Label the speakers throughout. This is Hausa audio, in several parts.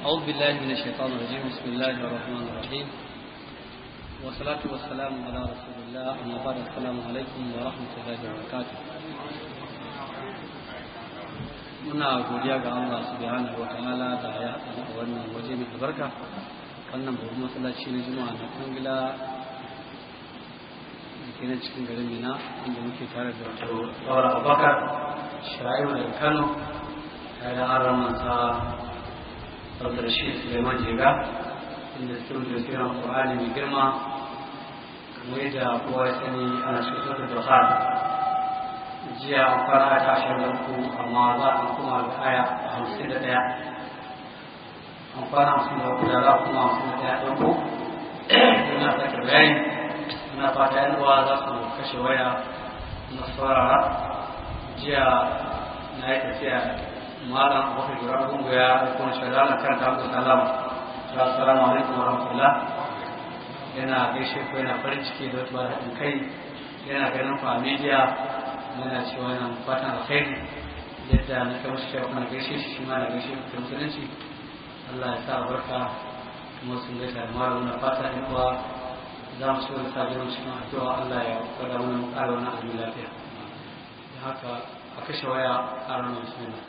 Speaker 1: أعوذ بالله من الشيطان الرجيم بسم الله الرحمن الرحيم والصلاة والسلام على رسول الله أما بعد السلام عليكم ورحمة الله وبركاته
Speaker 2: muna godiya ga Allah
Speaker 1: subhanahu wa ta'ala da ya haɗa a wannan waje mai albarka wannan babban masallaci na juma'a na kungila da ke nan cikin garin mina inda muke tare da wato saura abubakar shirayu da kano tare da an ramansa Dr. Rashid Suleiman Jega inda sun tafiyar Qur'ani mai girma kamar yadda kowa ya sani ana cikin da Burhan jiya an fara ta ashirin da uku amma za a kuma da aya hamsin da ɗaya an fara hamsin da uku da za kuma hamsin da ɗaya ɗan ko ina sake bayani ina fata yan uwa za su kashe waya na saurara jiya na yi tafiya malam abubakar jirar gungu ya kuma shagala na karanta abu sallama assalamu wa rahmatullah yana gaishe ko yana farin ciki da wata bada kai yana ganin ku a media yana cewa yana fatan alkhairi yadda na kai masu shafi kuna gaishe shi gaishe musulunci allah ya sa barka kuma sun gaishe da mara fata ɗin kuwa za mu cikin addu'a allah ya kwada wani ƙara wani abin lafiya da haka a kashe waya ƙara wani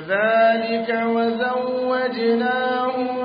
Speaker 3: كذلك وزوجناهم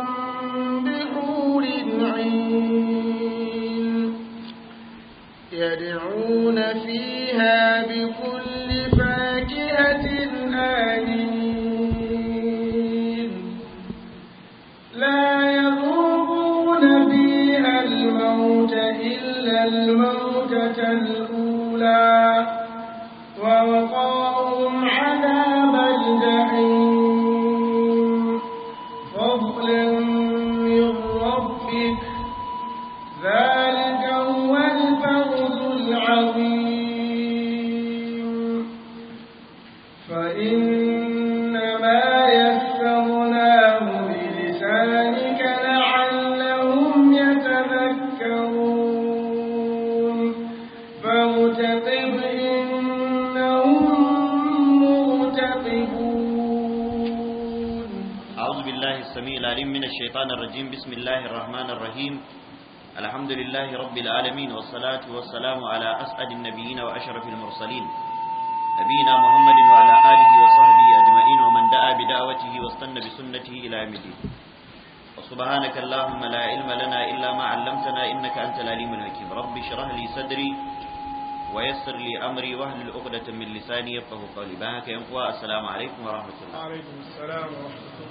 Speaker 4: ya yafqahu qawli ba haka yan uwa assalamu alaikum wa rahmatullah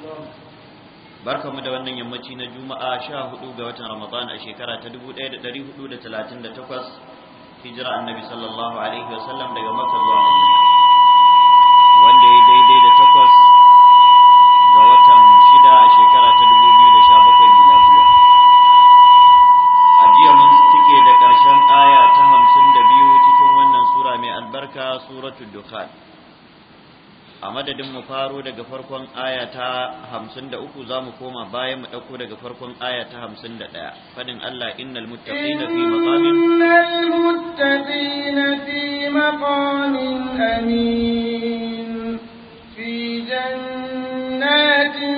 Speaker 4: wa barkamu da wannan yammaci na juma'a hudu ga watan ramadan a shekara ta 1438 hijira annabi sallallahu alaihi wa sallam daga makka zuwa madina wanda ya daidai anfal a madadin mu faro daga farkon aya ta 53 zamu koma bayan mu dauko daga farkon aya ta 51 fadin Allah innal muttaqina fi maqamin
Speaker 3: innal muttaqina fi maqamin amin fi jannatin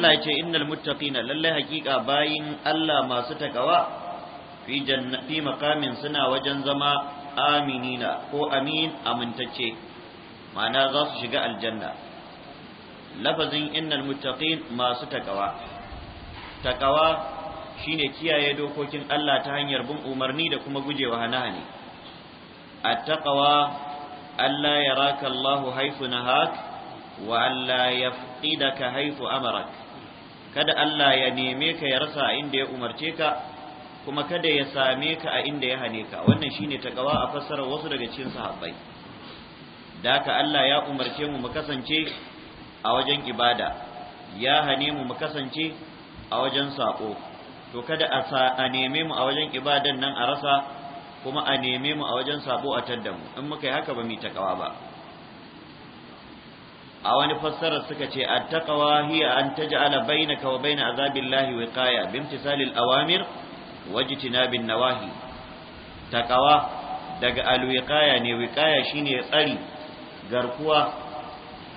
Speaker 4: Allah ya ce innal muttaqina lallai haƙiƙa bayin Allah masu takawa fi makamin suna wajen zama aminina ko amin amintacce ma'ana za su shiga aljanna lafazin innal muttaqin masu takawa takawa shine kiyaye dokokin Allah ta hanyar bin umarni da kuma gujewa hane-hane at-taqwa alla yaraka Allahu haythu nahak wa alla yafqidaka haythu amarak kada Allah ya neme ka ya rasa inda ya umarce ka kuma kada ya same ka a inda ya hane ka wannan shine takawa a fassara wasu daga cikin sahabbai da ka Allah ya umarce mu mu kasance a wajen ibada ya hane mu mu kasance a wajen sako to kada a neme mu a wajen ibadan nan a rasa kuma a neme mu a wajen sako a tadda mu in muka yi haka ba mu takawa ba a wani fassara suka ce at-taqwa hiya an taj'ala bainaka wa bain azabillahi wiqaya bimtisalil awamir wajtinabin nawahi taqawa daga alwiqaya ne wiqaya shine tsari garkuwa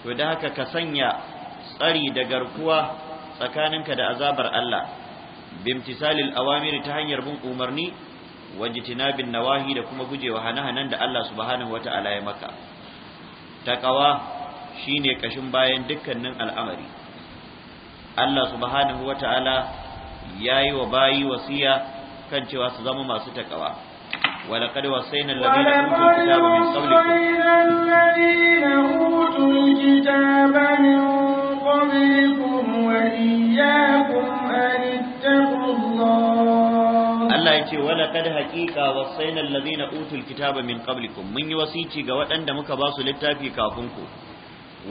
Speaker 4: to da haka ka sanya tsari da garkuwa tsakaninka da azabar Allah bimtisalil awamiri ta hanyar bin umarni wajtinabin nawahi da kuma gujewa hanahanan da Allah subhanahu wata'ala ya maka taqawa shine kashin bayan dukkanin al'amari Allah subhanahu wata'ala yayi wa bayi wasiya kan cewa su zama masu takawa
Speaker 3: ولقد وصينا الذين أوتوا الكتاب من قبلكم وإياكم أن اتقوا الله Allah
Speaker 4: ya ce wala kad haqiqa wasaina alladhina utul kitaba min qablikum mun yi wasici ga waɗanda muka ba su littafi kafin ku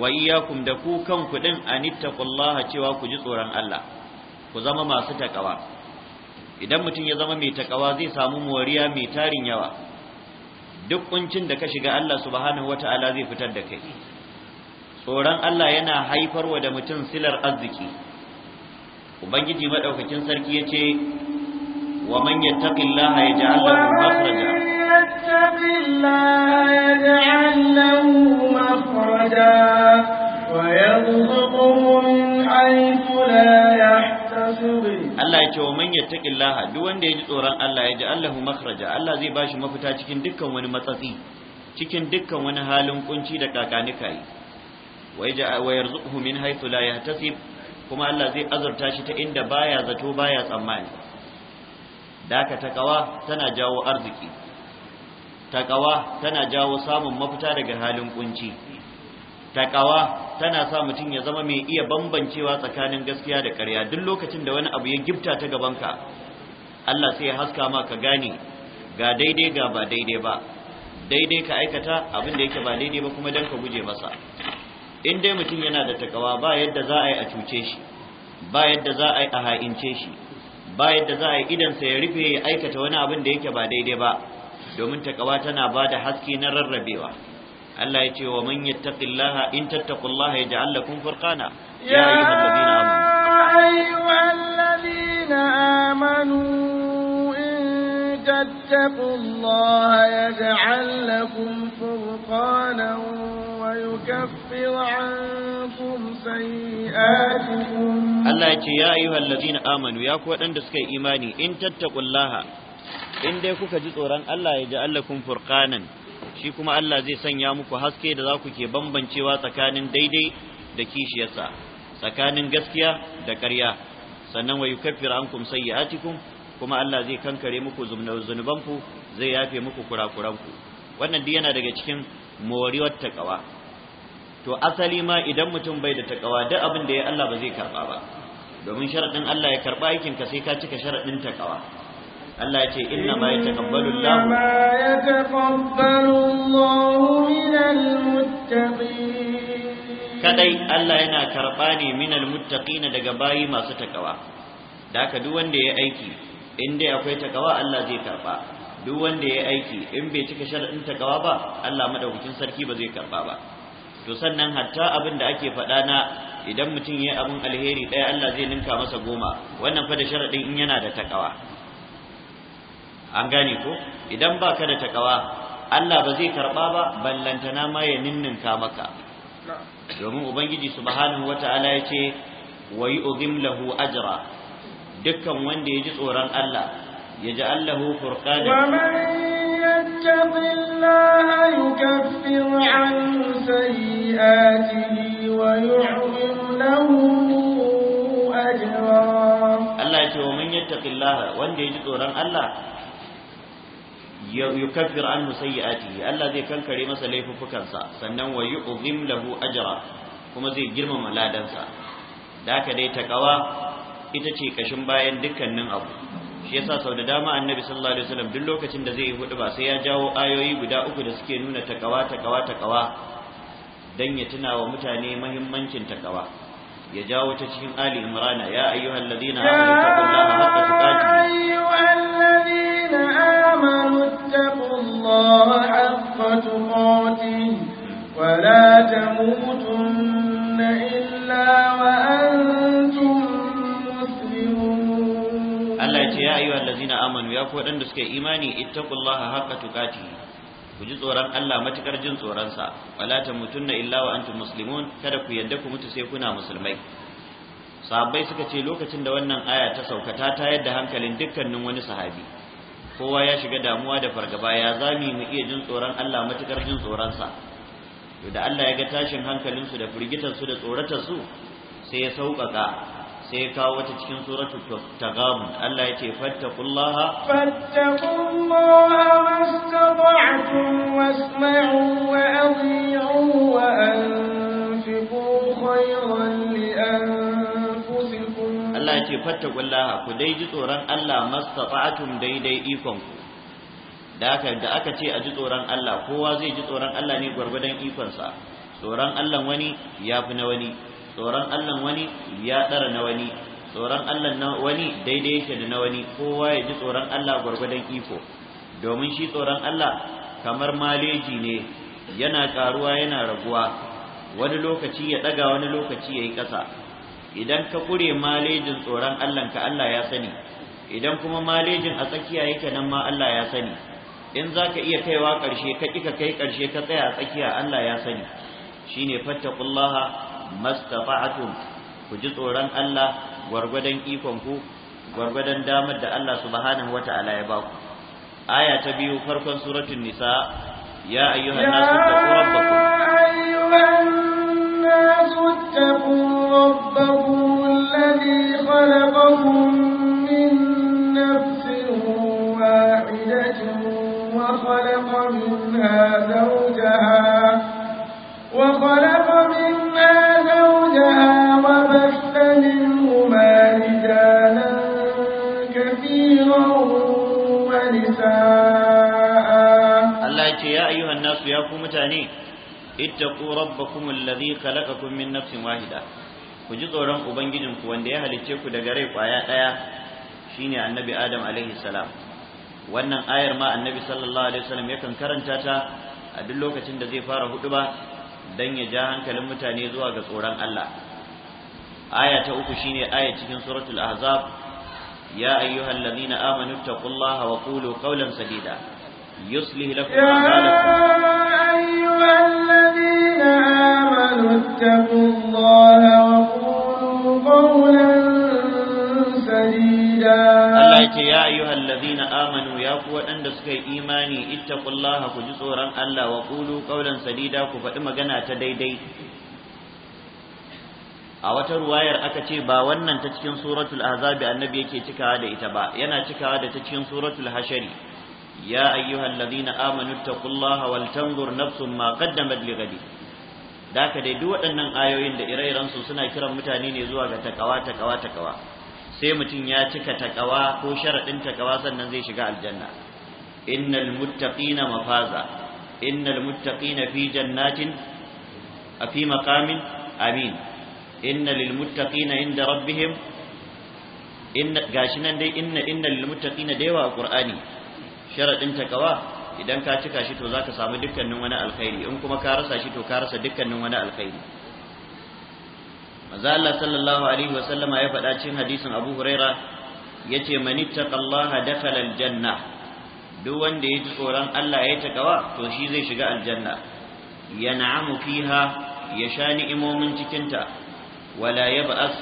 Speaker 4: wa iyyakum da ku kanku din anittaqullaha cewa ku ji tsoron Allah ku zama masu takawa idan mutum ya zama mai takawa zai samu moriya mai tarin yawa duk kuncin da ka shiga Allah subhanahu wata'ala zai fitar da kai tsoron Allah yana haifarwa da mutum silar arziki ubangiji madaukakin sarki yace wa man yattaqillaha yaj'al
Speaker 3: lahu makhraja yattaqillaha wa yarzuquhu min Allah
Speaker 4: ya ce wa man Allah duk wanda ya ji tsoron Allah ya ji Allahu makhraja Allah zai bashi mafita cikin dukkan wani matsatsi cikin dukkan wani halin kunci da kakanika yi. wa ya wa yarzuquhu min haythu la yahtasib kuma Allah zai azurta shi ta inda baya zato baya tsammani daka takawa tana jawo arziki takawa tana jawo samun mafita daga halin kunci takawa tana sa mutum ya zama mai iya bambancewa tsakanin gaskiya da ƙarya duk lokacin da wani abu ya gifta ta gabanka Allah sai ya haska ma ka gane ga daidai ga ba daidai ba daidai ka aikata abin da yake ba daidai ba kuma dan ka guje masa in dai mutum yana da takawa ba yadda za a yi a cuce shi ba yadda za a yi a ha'ince shi ba yadda za a yi idansa ya rufe ya aikata wani abin da yake ba daidai ba domin takawa tana ba da haske na rarrabewa ومن يتق الله ان تتقوا الله يجعل لكم فرقانا يا,
Speaker 3: in tattaqullaha yaj'al lakum ايها الذين امنوا ان تتقوا الله يجعل لكم فرقانا ويكفر عنكم سيئاتكم الله يتي
Speaker 4: يا أيها الذين آمنوا يا كوة أندسك إيماني إن تتقوا الله إن ديكوك جزء الله يجعل لكم فرقانا shi kuma Allah zai sanya muku haske da za ku ke bambancewa tsakanin daidai da kishiyarsa tsakanin gaskiya da ƙarya sannan wa yukaffiru ankum sayyi'atikum kuma Allah zai kankare muku zunubanku zai yafe muku kurakuranku wannan duk yana daga cikin moriwar takawa to asali ma idan mutum bai da takawa duk abin da ya Allah ba zai karba ba domin sharadin Allah ya karba aikin ka sai ka cika sharadin takawa Allah ce inna ma yataqabbalu Allah ma
Speaker 3: yataqabbalu Allah al muttaqin kadai
Speaker 4: Allah yana karba ne minal muttaqin daga bayi masu takawa da haka duk wanda ya aiki in dai akwai takawa Allah zai karba duk wanda ya aiki in bai cika sharadin takawa ba Allah madaukakin sarki ba zai karba ba to sannan hatta abin da ake faɗa na idan mutum yayi abin alheri ɗaya Allah zai ninka masa goma wannan fa da sharadin in yana da takawa an gane ko idan ba ka da takawa Allah ba zai karɓa ba ballantana ma ya ninninka maka domin ubangiji subhanahu wata'ala ya ce wa yu'zim lahu ajra dukkan wanda ya ji tsoron Allah ya ji Allah furqan wa
Speaker 3: man yattaqi Allah yukaffir an sayyi'atihi wa yu'zim lahu ajra Allah
Speaker 4: ya ce wa mun yattaqi Allah wanda ya ji tsoron Allah yukaffir ya musayyiatihi Allah zai kankare masa laifukansa sannan wa yu'zim lahu ajra kuma zai girmama ladansa da haka dai takawa ita ce kashin bayan dukkanin abu shi yasa sau da dama annabi sallallahu alaihi wasallam duk lokacin da zai yi hudu ba sai ya jawo ayoyi guda uku da suke nuna takawa takawa takawa dan ya tuna wa mutane muhimmancin takawa ya jawo ta cikin ali imrana ya ayyuhallazina amanu taqullaha haqqa tuqatih ya
Speaker 3: ayyuhallazina آمنوا اتقوا الله حق تقاته ولا تموتن إلا وأنتم مسلمون الله يا أيها
Speaker 4: الذين آمنوا يا فوق أندسك إيماني اتقوا الله حق تقاته ku ji tsoron Allah matukar jin tsoronsa wala tamutunna illa wa antum muslimun kada ku yadda ku mutu sai kuna musulmai sahabbai suka ce lokacin da wannan aya ta sauka ta tayar da hankalin dukkanin wani sahabi kowa ya shiga damuwa da fargaba ya zami mu iya jin tsoron Allah matukar jin tsoronsa to da Allah ya ga tashin hankalin su da su da tsoratar su sai ya sauƙaƙa sai ya kawo ta cikin suratu tagabun Allah yake ce fattaqullaha
Speaker 3: fattaqullaha wastata'tum wasma'u wa athi'u wa anfiqu khayran ce
Speaker 4: fattakullaha ku dai ji tsoron Allah mastata'atum daidai ikon ku da aka da aka ce a ji tsoron Allah kowa zai ji tsoron Allah ne gwargwadon ikon sa tsoron Allah wani ya fi na wani tsoron Allah wani ya dara na wani tsoron Allah na wani daidai yake da na wani kowa ya ji tsoron Allah gwargwadon iko domin shi tsoron Allah kamar maleji ne yana karuwa yana raguwa wani lokaci ya daga wani lokaci ya yi kasa idan ka kure malejin tsoron Allah ka Allah ya sani idan kuma malejin a tsakiya yake nan ma Allah ya sani in za ka iya kaiwa ƙarshe ka kika kai ƙarshe ka tsaya a tsakiya Allah ya sani shine fattaqullaha mastata'tum ku ji tsoron Allah gwargwadon ikon ku gwargwadon damar da Allah subhanahu wataala ya baku aya ta biyu farkon suratul nisa ya ayyuhan nasu taqu
Speaker 3: rabbakum الناس اتقوا ربكم الذي خلقكم من نفس واحدة وخلق منها زوجها وخلق منها زوجها وبث منهما رجالا كثيرا ونساء الله
Speaker 4: يا أيها الناس يا متانين ittaqu rabbakum alladhi khalaqakum min nafsin wahida ku ji tsoron ubangijin ku wanda ya halicce ku daga rai kwaya daya shine annabi adam alaihi salam wannan ayar ma annabi sallallahu alaihi wasallam yakan karanta ta a duk lokacin da zai fara huduba dan ya ja hankalin mutane zuwa ga tsoron Allah
Speaker 3: aya ta uku shine aya cikin suratul ahzab
Speaker 4: ya ayyuhallazina amanu taqullaha wa qulu qawlan sadida
Speaker 3: yuslih lakum a'malakum آمنوا اتقوا الله وقولوا قولا Allah ce
Speaker 4: ya ayyu allazina amanu ya ku waɗanda suka yi imani kullaha ku ji tsoron Allah wa qulu qawlan sadida ku faɗi magana ta daidai a wata ruwayar aka ce ba wannan ta cikin suratul hazabi annabi yake cikawa da ita ba yana cikawa da ta cikin suratul hashari ya ayyuhallazina amanu ittaqullaha wal tanzur nafsun ma qaddamat lighadin da haka dai duk waɗannan ayoyin da ire-iren su suna kiran mutane ne zuwa ga takawa takawa takawa sai mutum ya cika takawa ko sharadin takawa sannan zai shiga aljanna innal muttaqina mafaza innal muttaqina fi jannatin fi maqamin amin inna lil muttaqina inda rabbihim
Speaker 3: inna gashi nan dai inna innal lil muttaqina da yawa qur'ani
Speaker 4: sharadin takawa idan ka cika shi to zaka samu dukkanin wani alkhairi in kuma ka rasa shi to ka rasa dukkanin wani alkhairi maza Allah sallallahu alaihi wasallama ya faɗa cikin hadisin Abu Huraira yace man ittaqallaha dakhala aljanna duk wanda ya ji tsoron Allah ya takawa to shi zai shiga aljanna yan'amu fiha ya sha ni'imomin cikinta wala yab'as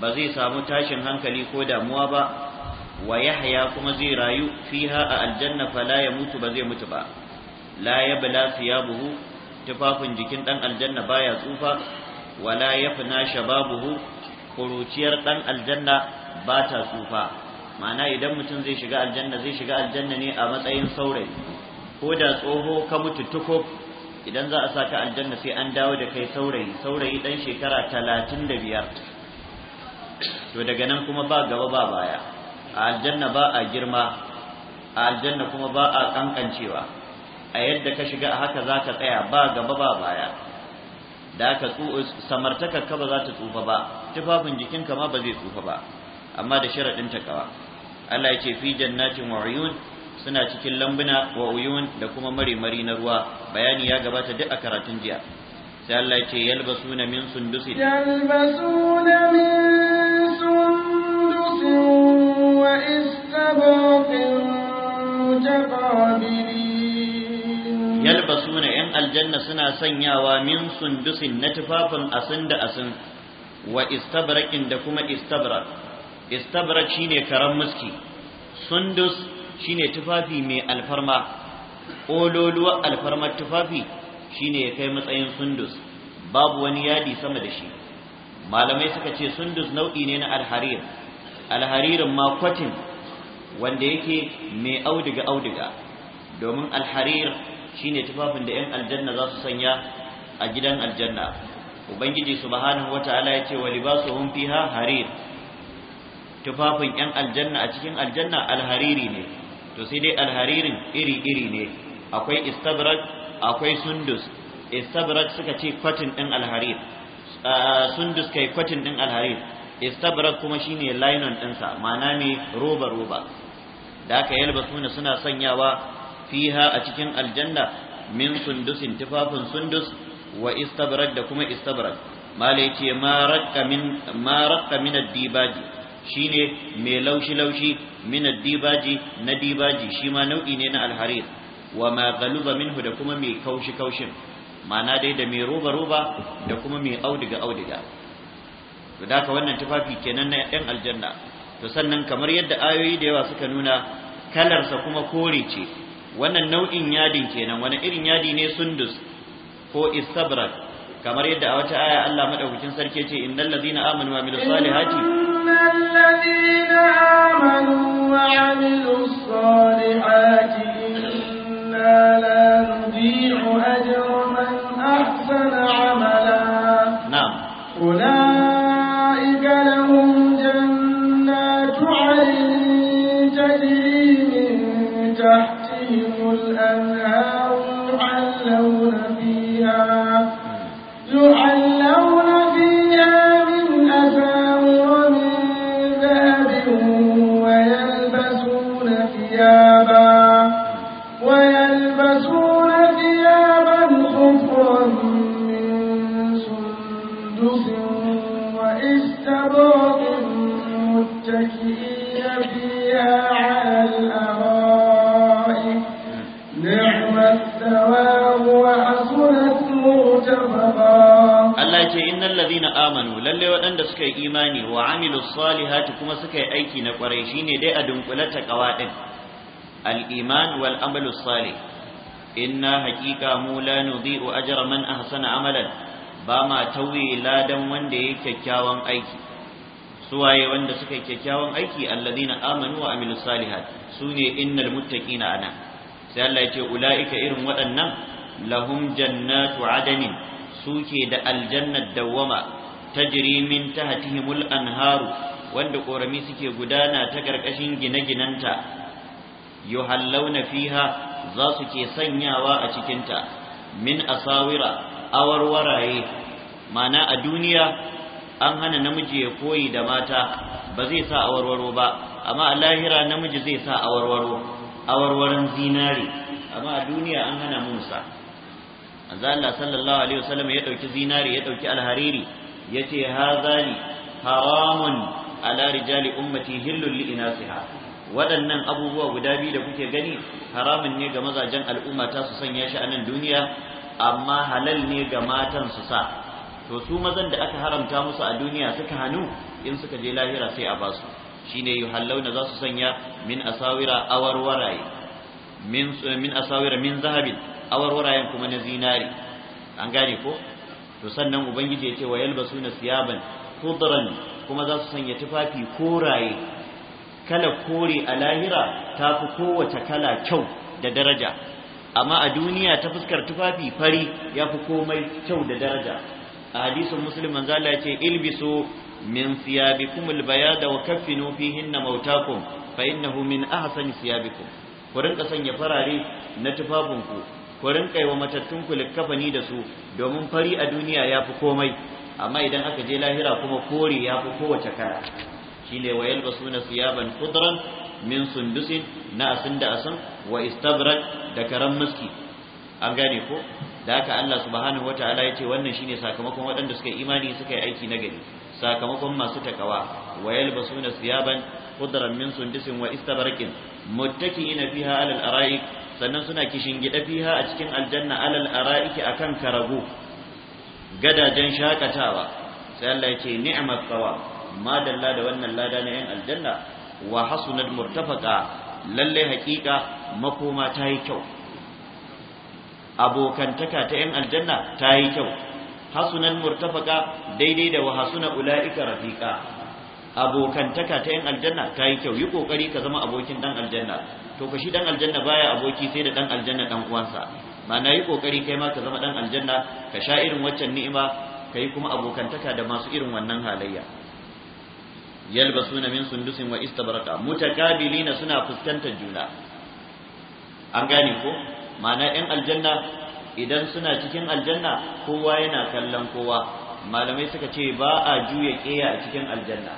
Speaker 4: ba zai samu tashin hankali ko damuwa ba wa yahya kuma zai rayu fiha a aljanna fala ya mutu ba zai mutu ba la yabla thiyabuhu tufafin jikin dan aljanna baya tsufa wala yafna shababuhu kuruciyar dan aljanna ba ta tsufa ma'ana idan mutum zai shiga aljanna zai shiga aljanna ne a matsayin saurayi ko da tsoho ka mutu tuko idan za a sa ka aljanna sai an dawo da kai saurayi saurayi dan shekara talatin da biyar to daga nan kuma ba gaba ba baya a aljanna ba a girma a aljanna kuma ba a kankancewa a yadda ka shiga a haka za ka tsaya ba gaba ba baya da ka samartakar ka ba za ta tsufa ba tufafin jikinka ma ba zai tsufa ba amma da sharaɗin kawa Allah ya ce fi jannatin wa uyun suna cikin lambuna wa uyun da kuma mari-mari na ruwa bayani ya gabata duk a karatun jiya sai Allah ya ce yalbasuna min sundusin
Speaker 3: yalbasuna min sundusin yalbasuna yan
Speaker 4: aljanna suna sanyawa min sundusin na tufafin asin da asin wa istabrakin da kuma istabra. Istabra shine karam muski sundus shine tufafi mai alfarma ololuwa alfarmar tufafi shine ya kai matsayin sundus babu wani yadi sama da shi malamai suka ce sundus nau'i ne na alharir alharirin ma kwatin wanda yake mai auduga auduga domin alharir shine tufafin da 'yan aljanna za su sanya a gidan aljanna ubangiji subhanahu wataala ya ce walibasu libasuhum fiha harir tufafin 'yan aljanna a cikin aljanna alhariri ne to sai dai alharirin iri iri ne akwai istabrak akwai sundus istabrak suka ce kwatin din alharir ah, sundus kai kwatin din alharir istabrak kuma shine linon ɗinsa ma'ana ne roba roba da aka yalbasuna suna sanyawa fiha a cikin aljanna min sundusin tufafin sundus wa istabrak da kuma istabrak malai yace ma raqqa min ma min ad-dibaji shine mai laushi laushi min ad-dibaji na dibaji shi ma nau'i ne na al-harir wa ma galuba minhu da kuma mai kaushi kaushin ma'ana dai da mai roba roba da kuma mai audiga audiga to da ka wannan tufafi kenan na yan aljanna to sannan kamar yadda ayoyi da yawa suka nuna kalarsa kuma kore ce wannan nau'in yadin kenan wani irin yadi ne sundus ko istabra kamar yadda a wata aya Allah madaukakin sarki ce innal ladina amanu wa amilu salihati
Speaker 3: innal ladina amanu wa salihati inna la nudhi'u ajra man ahsana amala na'am
Speaker 4: ce innal Ladina amanu lalle waɗanda suka yi imani wa amilus salihati kuma suka yi aiki na kwarai shine dai a dunkule ta qawadin al iman wal amalu salih inna haqiqa mu la nudhi'u ajra man ahsana amalan ba ma tauye ladan wanda yayi kyakkyawan aiki suwaye wanda suka yi kyakkyawan aiki alladhina amanu wa amilus salihat sune innal muttaqina ana sai Allah ya ce ulaika irin waɗannan lahum jannatu adanin suke da aljannar dawwama ta tajri min tahtihimul anharu wanda ƙorami suke gudana ta ƙarƙashin gine-ginanta yuhallawna fiha za su ke sanyawa a cikinta min asawira awar waraye mana a duniya an hana namiji ya koyi da mata ba zai sa awarwaro ba amma a lahira namiji zai sa awarwaro awarwaron zinari, amma a duniya an hana musa manzo Allah sallallahu alaihi wasallam ya dauki zinari ya dauki alhariri yace hazali haramun ala rijali ummati hillul li inasiha waɗannan abubuwa guda biyu da kuke gani haramun ne ga mazajen al'umma ta su sanya shi a nan duniya amma halal ne ga matan su sa to su mazan da aka haramta musu a duniya suka hannu in suka je lahira sai a basu shine yuhallauna za su sanya min asawira awarwaraye min min asawira min zahabin awarwarayen kuma na zinari an gane ko to sannan ubangiji ya ce wa na siyaban kudran kuma za su sanya tufafi koraye kala kore a lahira ta fi kowace kala kyau da daraja amma a duniya ta fuskar tufafi fari ya fi komai kyau da daraja a hadisin muslim manzo Allah ya ce ilbisu min siyabikum albayada wa kaffinu fihinna mautakum fa innahu min ahsani siyabikum ku rinka sanya farare na tufafinku ku rinka yi wa matattun ku likkafani da su domin fari a duniya ya fi komai amma idan aka je lahira kuma kore ya fi kowace kara shine wa suna siyaban khudran min sundusin na asin da asin wa istabrak da karam miski an gane ko da haka Allah subhanahu ya ce wannan shine sakamakon waɗanda suka yi imani suka yi aiki na gari. sakamakon masu takawa wa suna siyaban khudran min sundusin wa istabrakin muttaki'ina fiha alal ara'ik sannan suna kishin gida fiha a cikin aljanna alal ara'iki akan karago gadajen shakatawa sai Allah ya ce ni'mat sawa ma dalla da wannan lada na yan aljanna wa hasunat murtafaqa lalle haƙiƙa makoma ta yi kyau abokantaka ta yan aljanna ta yi kyau hasunan murtafaka daidai da wa hasuna ula'ika rafiqa abokantaka ta yan aljanna ta yi kyau yi kokari ka zama abokin dan aljanna to ka shi dan aljanna baya aboki sai da dan aljanna dan uwansa na yi kokari kai ma ka zama dan aljanna ka sha irin waccan ni'ima kai kuma abokantaka da masu irin wannan halayya yalbasuna min sundusin wa istabraka mutakabilina suna fuskantar juna an gane ko ma'ana yan aljanna idan suna cikin aljanna kowa yana kallon kowa malamai suka ce ba a juya ƙeya a cikin aljanna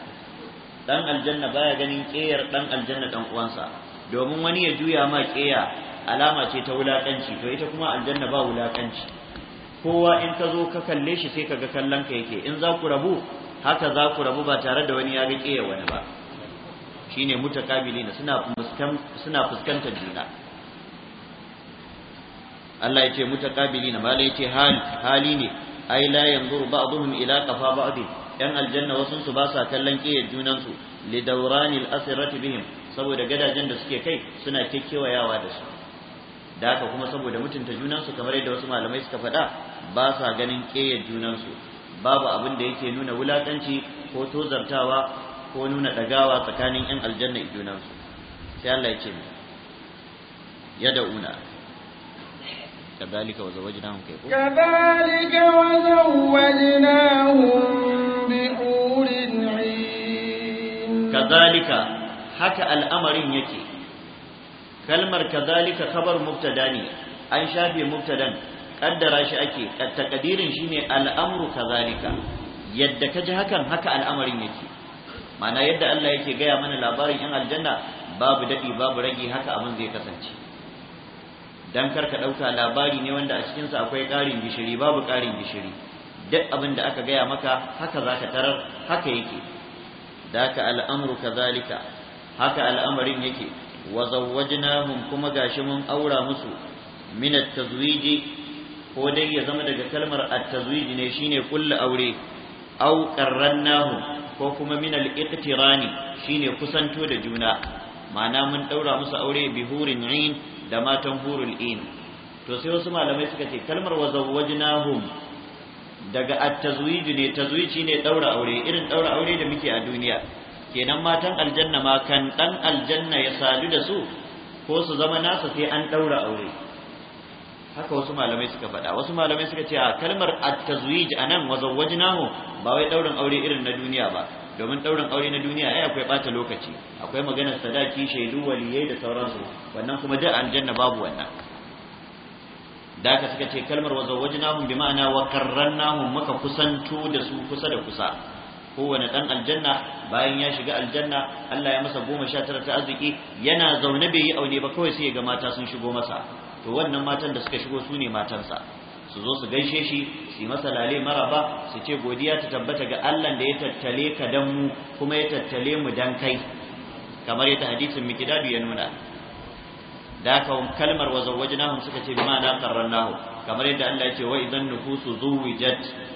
Speaker 4: dan aljanna baya ganin ƙeyar dan aljanna dan uwansa domin wani ya juya ma keya alama ce ta wulakanci to ita kuma aljanna ba wulakanci kowa in ka zo ka kalle shi sai ka ga kallon ka yake in za ku rabu haka za ku rabu ba tare da wani ya ga keya wani ba shine ne suna suna fuskantar juna
Speaker 3: Allah ya yace mutakabilina malai ce hali hali ne ai la yanzuru ba'dhum ila qafa ba'd yan aljanna wasun su ba sa kallon kiyar junan su
Speaker 4: li dawranil asirati bihim saboda gadajen da suke kai suna kekewayawa da su da haka kuma saboda mutunta junansu kamar yadda wasu malamai suka faɗa ba sa ganin ƙeyar junansu babu abin da yake nuna wulaƙanci ko tozartawa ko nuna ɗagawa tsakanin 'yan aljanna junansu sai Allah ya ce mu yada'una كذلك وزوجناهم haka al'amarin yake kalmar kadhalika khabar mubtada ne an shafe mubtadan kaddara shi ake takadirin shine al'amru kazalika yadda kaji hakan haka al'amarin yake mana yadda Allah yake gaya mana labarin yan aljanna babu daɗi babu rage haka abin zai kasance dan karka ɗauka labari ne wanda a cikin sa akwai karin gishiri babu ƙarin gishiri duk abin da aka gaya maka haka zaka tarar haka yake daka al'amru kazalika. haka al'amarin yake wa zawwajnahum kuma gashi mun aura musu min at-tazwiji ko dai ya zama daga kalmar at-tazwiji ne shine kullu aure aw qarrannahu ko kuma min al-iqtirani shine kusanto da juna ma'ana mun daura musu aure bi hurin da matan hurul in to sai wasu malamai suka ce kalmar wa zawwajnahum daga at-tazwiji ne tazwiji ne daura aure irin daura aure da muke a duniya kenan matan aljanna ma kan dan aljanna ya sadu da su ko su zama nasa sai an daura aure haka wasu malamai suka faɗa wasu malamai suka ce a kalmar at-tazwij anan wa zawwajnahu ba wai daurin aure irin na duniya ba domin daurin aure na duniya ai akwai bata lokaci akwai maganar sadaki shaidu waliyai da sauransu wannan kuma da aljanna babu wannan da suka ce kalmar wa zawwajnahu bi ma'ana wa karrannahum maka kusantu da su kusa da kusa kowane dan aljanna bayan ya shiga aljanna Allah ya masa goma sha tara ta arziki yana zaune bai yi aune ba kawai sai ga mata sun shigo masa to wannan matan da suka shigo su ne matansa su zo su gaishe shi su yi masa lale maraba su ce godiya ta tabbata ga Allah da ya tattale ka dan mu kuma ya tattale mu dan kai kamar yadda hadisin mikidadu ya nuna da ka kalmar wa zawwajnahum suka ce bima na qarrannahu kamar yadda Allah ya ce wa idan nufusu zuwijat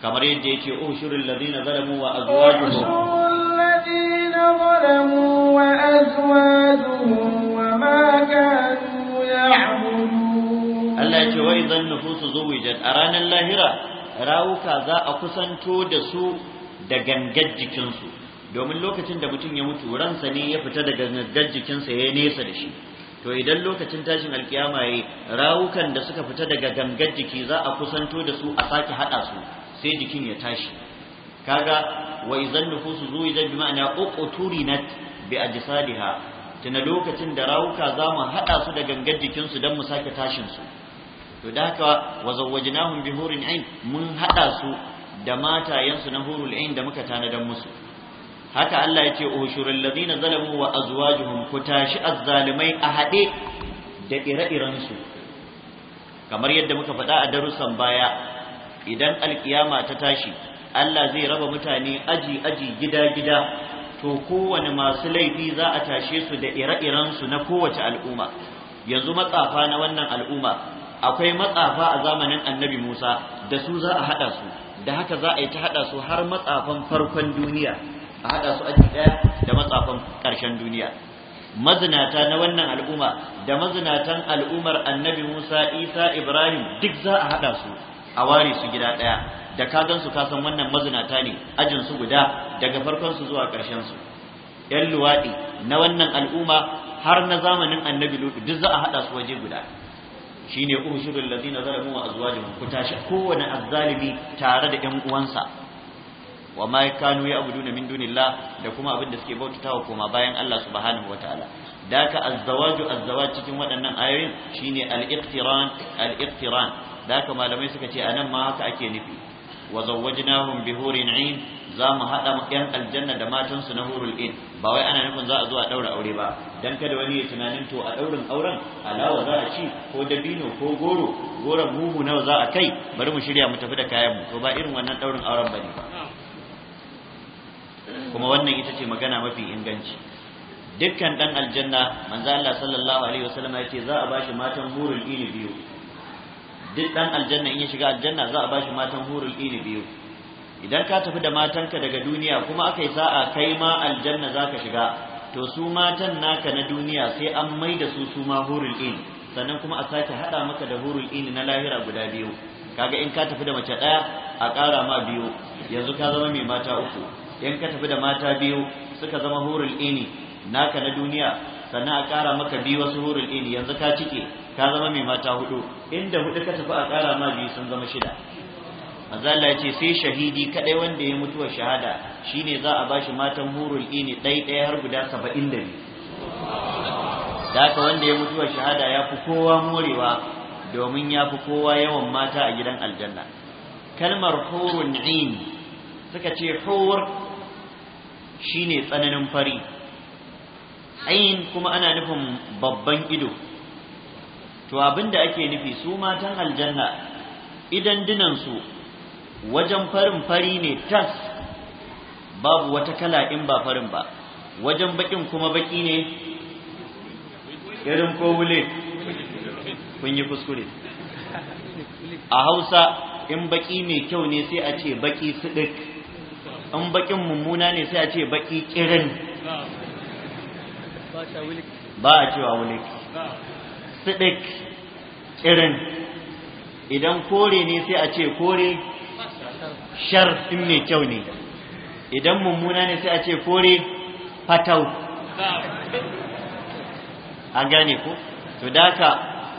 Speaker 4: kamar yadda yake ushurul ladina zalamu wa azwajuhum
Speaker 3: ladina zalamu wa azwajuhum wa ma kanu ya'budun Allah ce wai
Speaker 4: zan nufusu zuwijat a ranar lahira rawuka za a kusanto da su da gangar jikinsu domin lokacin da mutum ya mutu ransa ne ya fita daga gangar jikinsa ya nesa da shi to idan lokacin tashin alkiyama yayi rawukan da suka fita daga gangar jiki za a kusanto da su a sake hada su sai jikin ya tashi kaga wa idan nufusu zuwidat bi ma'ana uquturinat bi ajsadiha tana lokacin da rawuka za mu hada su da gangar jikin su dan mu sake tashin su to da haka wa zawwajnahum bi hurin ain mun hada su da matayen su na hurul ain da muka dan musu haka Allah yake ushurul ladina zalamu wa azwajuhum ku tashi azzalimai a hade da ire-iren su kamar yadda muka faɗa a darussan baya idan alkiyama ta tashi Allah zai raba mutane aji aji gida gida to kowane masu laifi za a tashe su da ire-iren su na kowace al'umma yanzu matsafa na wannan al'umma akwai matsafa a zamanin Annabi Musa da su za a haɗa su da haka za a yi ta haɗa su har matsafan farkon duniya a haɗa su aji ɗaya da matsafan ƙarshen duniya mazinata na wannan al'umma da mazinatan al'ummar Annabi Musa Isa Ibrahim duk za a haɗa su a ware su gida ɗaya da ka gan su ka wannan mazinata ne ajin su guda daga farkon su zuwa ƙarshen su yan luwaɗi na wannan al'umma har na zamanin annabi lutu duk za a haɗa su waje guda shine ushurul ladina zalamu wa azwajuhum ku tashi kowane azzalimi tare da ƴan uwansa wa ma kanu ya'buduna min dunillah da kuma abin da suke wa koma bayan Allah subhanahu wataala daka azzawaju azzawaj cikin waɗannan ayoyin shine al-iqtiran al-iqtiran da haka malamai suka ce anan ma haka ake nufi wa zawwajnahum bi hurin ain za mu haɗa yan aljanna da matan su na hurul ain ba wai ana nufin za a zo a daura aure ba dan kada wani ya tunanin to a daurin auren alawa za a ci ko dabino ko goro goron muhu nawa za a kai bari mu shirya mu tafi da kayan mu to ba irin wannan daurin auren bane ba kuma wannan ita ce magana mafi inganci dukkan dan aljanna manzo Allah sallallahu alaihi wasallam ya ce za a bashi matan hurul ain biyu duk dan aljanna in ya shiga aljanna za a bashi matan hurul ini biyu idan ka tafi da matanka daga duniya kuma aka yi sa'a kai ma aljanna za ka shiga to su matan naka na duniya sai an mai da su su ma hurul in sannan kuma a sake haɗa maka da hurul in na lahira guda biyu kaga in ka tafi da mace ɗaya a ƙara ma biyu yanzu ka zama mai mata uku in ka tafi da mata biyu suka zama hurul naka na duniya sannan a ƙara maka biyu wasu hurul in yanzu ka cike ka zama mai mata hudu inda hudu ka tafi a kara ma biyu sun zama shida manzo ce sai shahidi kadai wanda ya mutuwa shahada shine za a bashi matan hurul ini dai dai har guda 72 haka wanda ya mutuwa shahada ya fi kowa morewa domin ya fi kowa yawan mata a gidan aljanna kalmar hurun ini suka ce hur shine tsananin fari ain kuma ana nufin babban ido to abinda ake nufi su matan aljanna idan su wajen farin fari ne tas babu wata kala in ba farin ba wajen bakin kuma baki ne irin wule kun yi kuskure a hausa in baki mai kyau ne sai a ce baki sidik in bakin mummuna ne sai a ce baki kirin ba a cewa wulik sidik irin idan kore ne sai a ce kore shar in mai kyau ne idan mummuna ne sai a ce kore fatau an gane ko to daka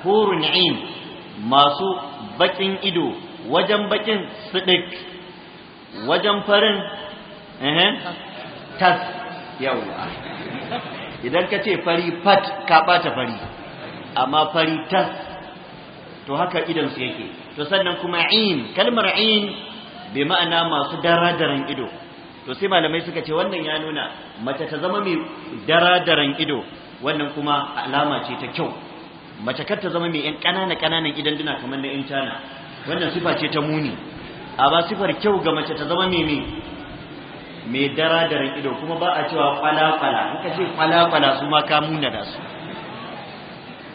Speaker 4: hurun in masu bakin ido wajen bakin sidik wajen farin tas yawa idan ka ce fari fat ka bata fari amma fari tas to haka idan su yake to sannan kuma in kalmar in bi ma'ana masu daradaran ido to sai malamai suka ce wannan ya nuna mace ta zama mai daradaran ido wannan kuma alama ce ta kyau mace kar ta zama mai yan ƙanana ƙananan idan duna kamar na yan cana wannan sifa ce ta muni amma sifar kyau ga mace ta zama mai mai daradaran ido kuma ba a cewa kwala-kwala in ka ce kwala-kwala su ma ka muna da su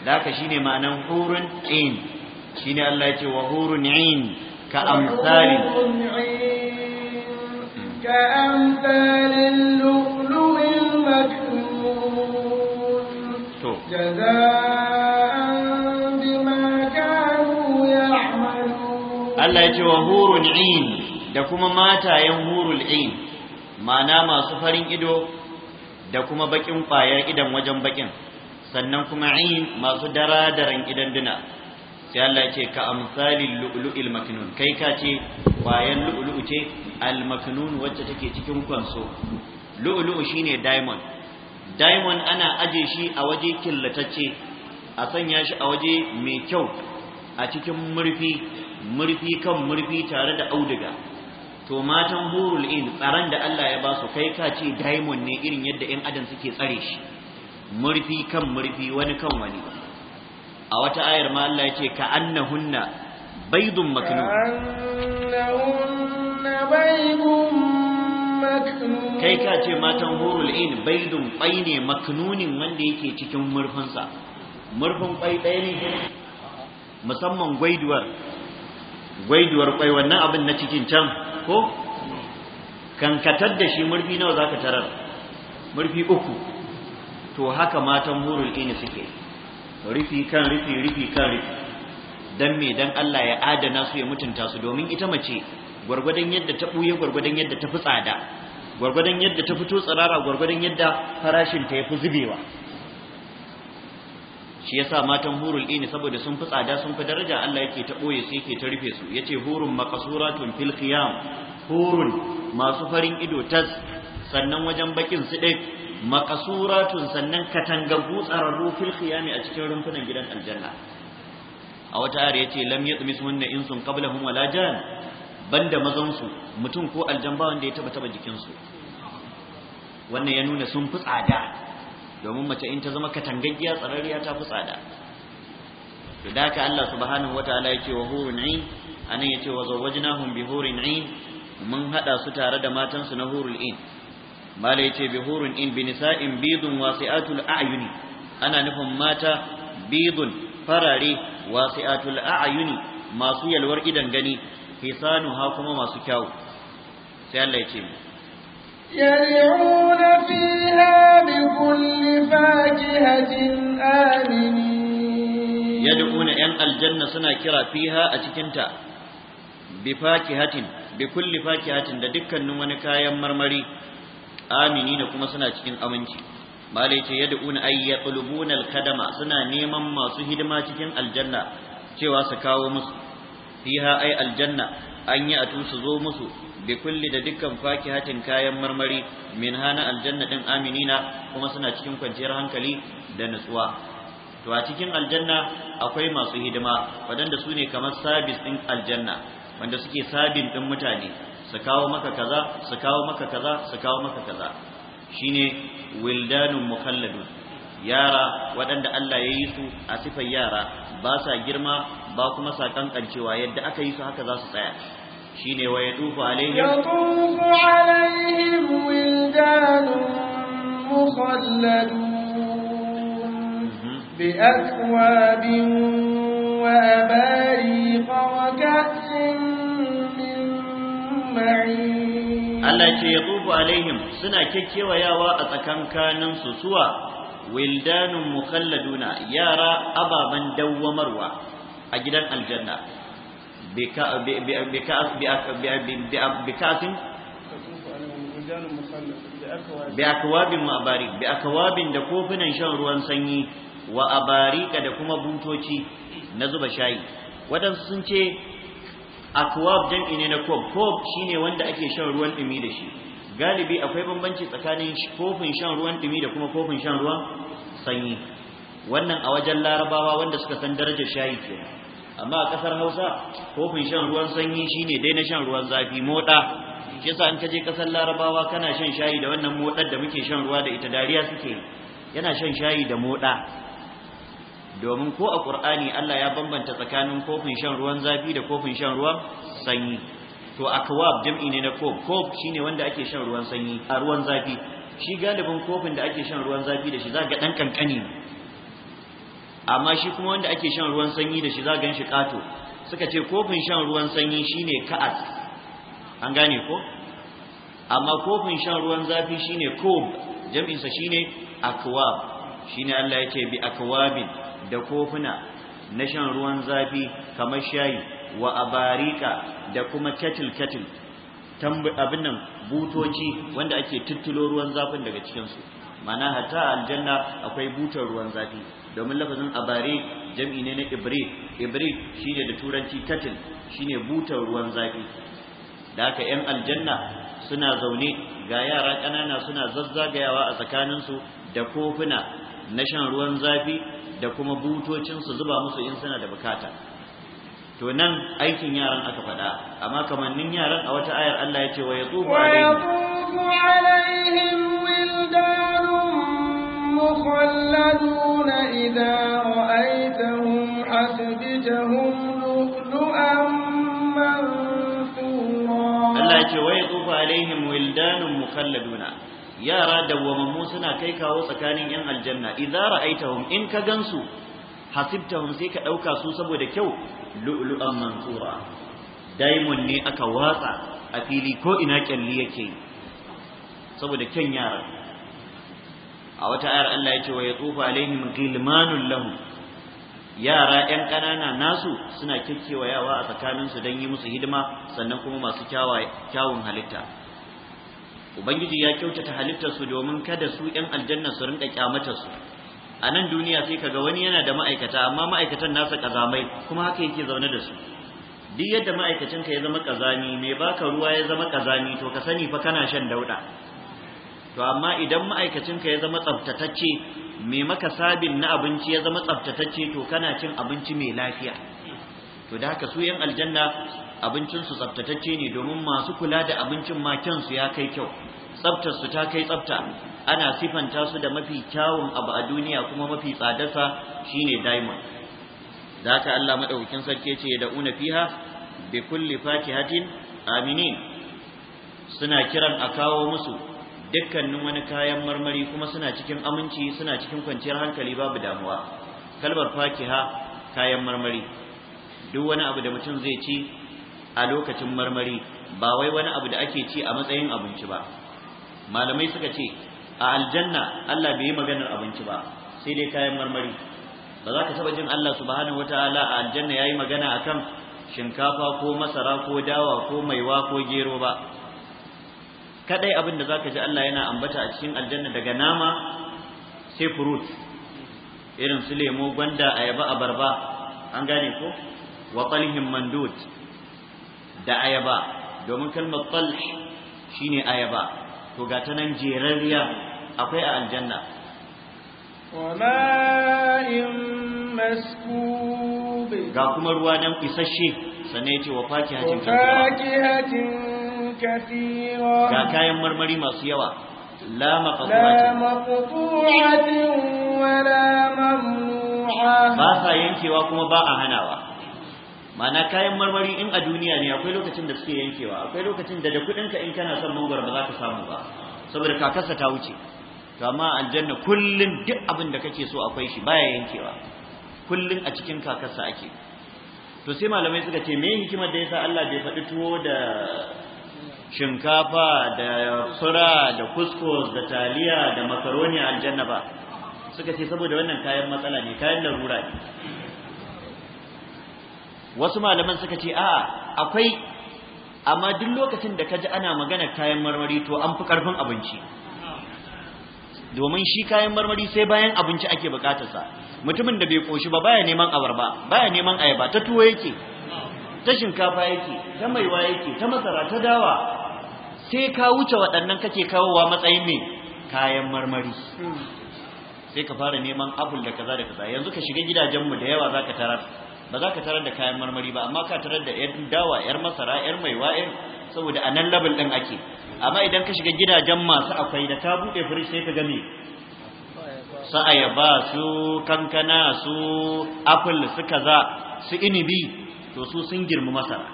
Speaker 4: zaka ne ma'anan hurun in ne Allah ya ce wa hurun in ka amsalin
Speaker 3: ka amsalin lu'lu'il majnun to jazaan bima kanu ya'malun Allah ya ce wa hurun
Speaker 4: in da kuma matayen hurul in ma'ana masu farin ido da kuma bakin kwayar idan wajen bakin sannan kuma ayin masu daradaran idanduna sai Allah ce ka amsalin lu'lu'il maknun kai ka ce bayan lu'lu'u ce al maknun wacce take cikin kwanso lu'lu'u shine diamond diamond ana aje shi a waje killatacce a sanya shi a waje mai kyau a cikin murfi murfi kan murfi tare da auduga to matan hurul in tsaron da Allah ya ba su kai ka ce diamond ne irin yadda 'yan adam suke tsare shi murfi kan murfi wani kan wani a wata ayar ma Allah yake ka annahunna baydun maknun
Speaker 3: kai ka ce matan
Speaker 4: hurul in baydun kwai ne maknunin wanda yake cikin murfinsa murfin kwai ɗaya ne musamman gwaiduwar gwaiduwar kwai wannan abin na cikin can ko kankatar da shi murfi nawa zaka tarar murfi uku to haka matan hurul ini suke rufi kan rufi rufi kan rufi dan me dan Allah ya adana su ya mutunta su domin ita mace gwargwadon yadda ta buye gwargwadon yadda ta fi tsada gwargwadon yadda ta fito tsirara gwargwadon yadda farashin ta yafi zubewa shi yasa matan hurul ini saboda sun fi tsada sun fi daraja Allah yake ta boye su yake ta rufe su yace hurun maqsuratun fil qiyam hurun masu farin ido tas sannan wajen bakin su dai makasuratun sannan katangaggu tsararru fil khiyami a cikin rumfunan gidan aljanna a wata ayar yace lam munna insun qablahum wala jan banda mazan su mutum ko aljamba wanda ya taba taba jikin su wannan ya nuna sun fi tsada domin mace in ta zama katangaggiya tsararriya ta fi tsada to da Allah subhanahu wataala yake wa hurun ain anan yace wa zawajnahum bi hurun ain mun hada su tare da matan su na hurul ain mala yace bihurun in binisa'in bidun wasi'atul a'yuni ana nufin mata bidun farare wasi'atul a'yuni masu yalwar idan gani ha kuma masu kyau sai Allah yace
Speaker 3: يرعون فيها بكل فاكهة آمنين يدعون أن
Speaker 4: الجنة سنة كرا فيها أتكنتا بفاكهة بكل فاكهة wani kayan marmari. aminina kuma suna cikin aminci malai ce una ay yaqlubuna kadama suna neman masu hidima cikin aljanna cewa su kawo musu fiha ai aljanna an yi atu su zo musu bi kulli da dukkan fakihatin kayan marmari min hana aljanna din aminina kuma suna cikin kwanciyar hankali da nutsuwa to a cikin aljanna akwai masu hidima waɗanda su ne kamar sabis ɗin aljanna wanda suke sabin ɗin mutane su kawo maka kaza su kawo maka kaza su kawo maka kaza shine wildanun mukhalladun yara waɗanda Allah ya yi su a sifar yara ba sa girma ba kuma sa kankancewa yadda aka yi su haka za su tsaya shine wa yatufu alaihim
Speaker 3: yatufu alaihim wildanun mukhalladun بأكواب وأباريق وكأس Allah ce ya tsufu alaihim suna kyakkyawayawa
Speaker 4: a tsakankanin su suwa wildanun mukhalladuna yara ababen dawwamarwa a gidan aljanna bi
Speaker 2: bi akwabin ma'abari
Speaker 4: bi akwabin da kofunan shan ruwan sanyi wa abarika da kuma butoci na zuba shayi wadansu sun ce akwab jam'i ne na kob kob shine wanda ake shan ruwan dumi da shi galibi akwai bambanci tsakanin kofin shan ruwan dumi da kuma kofin shan ruwan sanyi wannan a wajen larabawa wanda suka san darajar shayi ke amma a kasar hausa kofin shan ruwan sanyi shine dai na shan ruwan zafi mota shi yasa an ka kasar larabawa kana shan shayi da wannan motar da muke shan ruwa da ita dariya suke yana shan shayi da mota domin ko a Qur'ani Allah ya bambanta tsakanin kofin shan ruwan zafi da kofin shan ruwan sanyi to akwab jam'i ne na kof kof shine wanda ake shan ruwan sanyi a ruwan zafi shi galibin kofin da ake shan ruwan zafi da shi za ga dan kankani amma shi kuma wanda ake shan ruwan sanyi da shi za gan shi kato suka ce kofin shan ruwan sanyi shine ka'as an gane ko amma kofin shan ruwan zafi shine kob jam'insa shine akwab shine Allah yake bi akwabin da kofuna na shan ruwan zafi kamar shayi wa abarika da kuma kettle kettle abin nan butoci wanda ake tuttulo ruwan zafin daga cikin cikinsu mana hatta aljanna akwai butar ruwan zafi domin lafazin abari jam'i ne na ibri ibri shine da turanci kettle shine butar ruwan zafi da haka yan aljanna suna zaune ga yara ƙanana suna zazzagayawa a tsakaninsu da kofuna na shan ruwan zafi da kuma butocin su zuba musu in suna da bukata to nan aikin yaran aka faɗa amma kamannin yaran a wata ayar Allah ya ce wa yatufu
Speaker 3: alaihim wildanun mukhalladuna idza ra'aytahum hasibtahum lu'lu'an mansura Allah ya ce wa
Speaker 4: yatufu alaihim wildanun mukhalladuna yara dawwamammu suna kai kawo tsakanin yan aljanna idza ra'aitahum in ka gansu hasibtahum sai ka dauka su saboda kyau lu'lu'an mansura diamond ne aka watsa a fili ko ina kyalli yake saboda kyan yara a wata ayar Allah ya ce wa yatufu alaihim ghilmanul lahum yara yan kanana nasu suna kikkewa yawa a tsakaninsu don yi musu hidima sannan kuma masu kyawun halitta ubangiji ya kyautata halittar su domin kada su yan aljanna su rinka kyamatar su a nan duniya sai kaga wani yana da ma'aikata amma ma'aikatan nasa kazamai kuma haka yake zaune da su duk yadda ma'aikacinka ya zama kazami mai baka ruwa ya zama kazami to ka sani fa kana shan dauda to amma idan ma'aikacinka ya zama tsaftatacce mai maka sabin na abinci ya zama tsaftatacce to kana cin abinci mai lafiya to da haka su yan aljanna abincinsu su tsaftatacce ne domin masu kula da abincin ma su ya kai kyau tsaftar su ta kai tsafta ana sifanta su da mafi kyawun abu a duniya kuma mafi tsadarsa shine diamond da haka Allah maɗaukin sarki ce da una fiha bi kulli fakihatin aminin suna kiran a kawo musu dukkanin wani kayan marmari kuma suna cikin aminci suna cikin kwanciyar hankali babu damuwa kalmar fakiha kayan marmari duk wani abu da mutum zai ci a lokacin marmari ba wai wani abu da ake ci a matsayin abinci ba malamai suka ce a aljanna Allah bai yi maganar abinci ba sai dai kayan marmari ba za ka taba jin Allah subhanahu wataala a aljanna yayi magana akan shinkafa ko masara ko dawa ko maiwa ko gero ba kadai abin da zaka ji Allah yana ambata a cikin aljanna daga nama sai fruit irin su lemo gwanda ayaba abarba an gane ko wa talhim mandud da ayaba domin kalmar talh shine ayaba to ga ta nan jerarriya akwai a aljanna
Speaker 3: wa ma'in maskub ga
Speaker 4: kuma ruwa dan isasshe sannan ce wa fakihatin
Speaker 3: kathira ga kayan
Speaker 4: marmari masu yawa لا مقطوعة
Speaker 3: ولا ممنوعة ما سينكي
Speaker 4: وكما باء هناوا mana kayan marmari in a duniya ne akwai lokacin da suke yankewa akwai lokacin da da kuɗinka in kana son mangwaro ba za ka samu ba saboda kakarsa ta wuce to amma aljanna kullun duk abin da kake so akwai shi baya yankewa kullun a cikin kakarsa ake to sai malamai suka ce me hikimar da yasa Allah bai faɗi tuwo da shinkafa da fura da kuskus da taliya da makaroni a aljanna ba suka ce saboda wannan kayan matsala ne kayan larura ne wasu malaman suka ce a'a akwai amma duk lokacin da kaji ana magana kayan marmari to an fi karfin abinci domin shi kayan marmari sai bayan abinci ake bukatarsa mutumin da bai koshi ba baya neman abarba baya neman ayaba ta tuwo yake ta shinkafa yake ta maiwa yake ta masara ta dawa sai ka wuce waɗannan kake kawowa matsayin ne kayan marmari hmm. sai ka fara neman abul da kaza da kaza yanzu ka shiga gidajenmu da yawa zaka tarar ba za ka tarar da kayan marmari ba amma ka tarar da ‘yar dawa yar masara yar mai yar saboda a nan label din ake amma idan ka shiga gidajen masu akwai da ta bude firij sai ka ga me su ayaba su kankana su apple su kaza su inibi to su sun girmi masara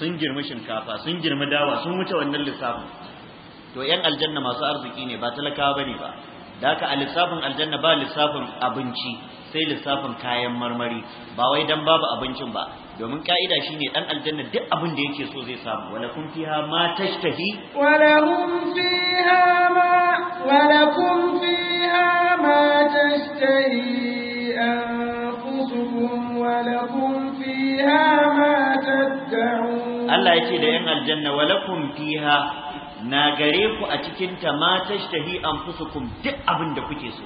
Speaker 4: sun girmi shinkafa sun girmi dawa sun wuce wannan lissafin to yan aljanna masu arziki ne ba talakawa bane ba da haka a lissafin aljanna ba lissafin abinci sai lissafin kayan marmari ba wai dan babu abincin ba domin ka'ida shine dan aljanna duk abin da yake so zai samu wala kun fiha ma tashtahi
Speaker 3: wala hum fiha ma wala kun fiha ma tashtahi anfusukum wala kun fiha ma tad'un Allah yake
Speaker 4: da yan aljanna wala kun fiha na gare ku a cikin ta ma fusa anfusukum duk abin da kuke so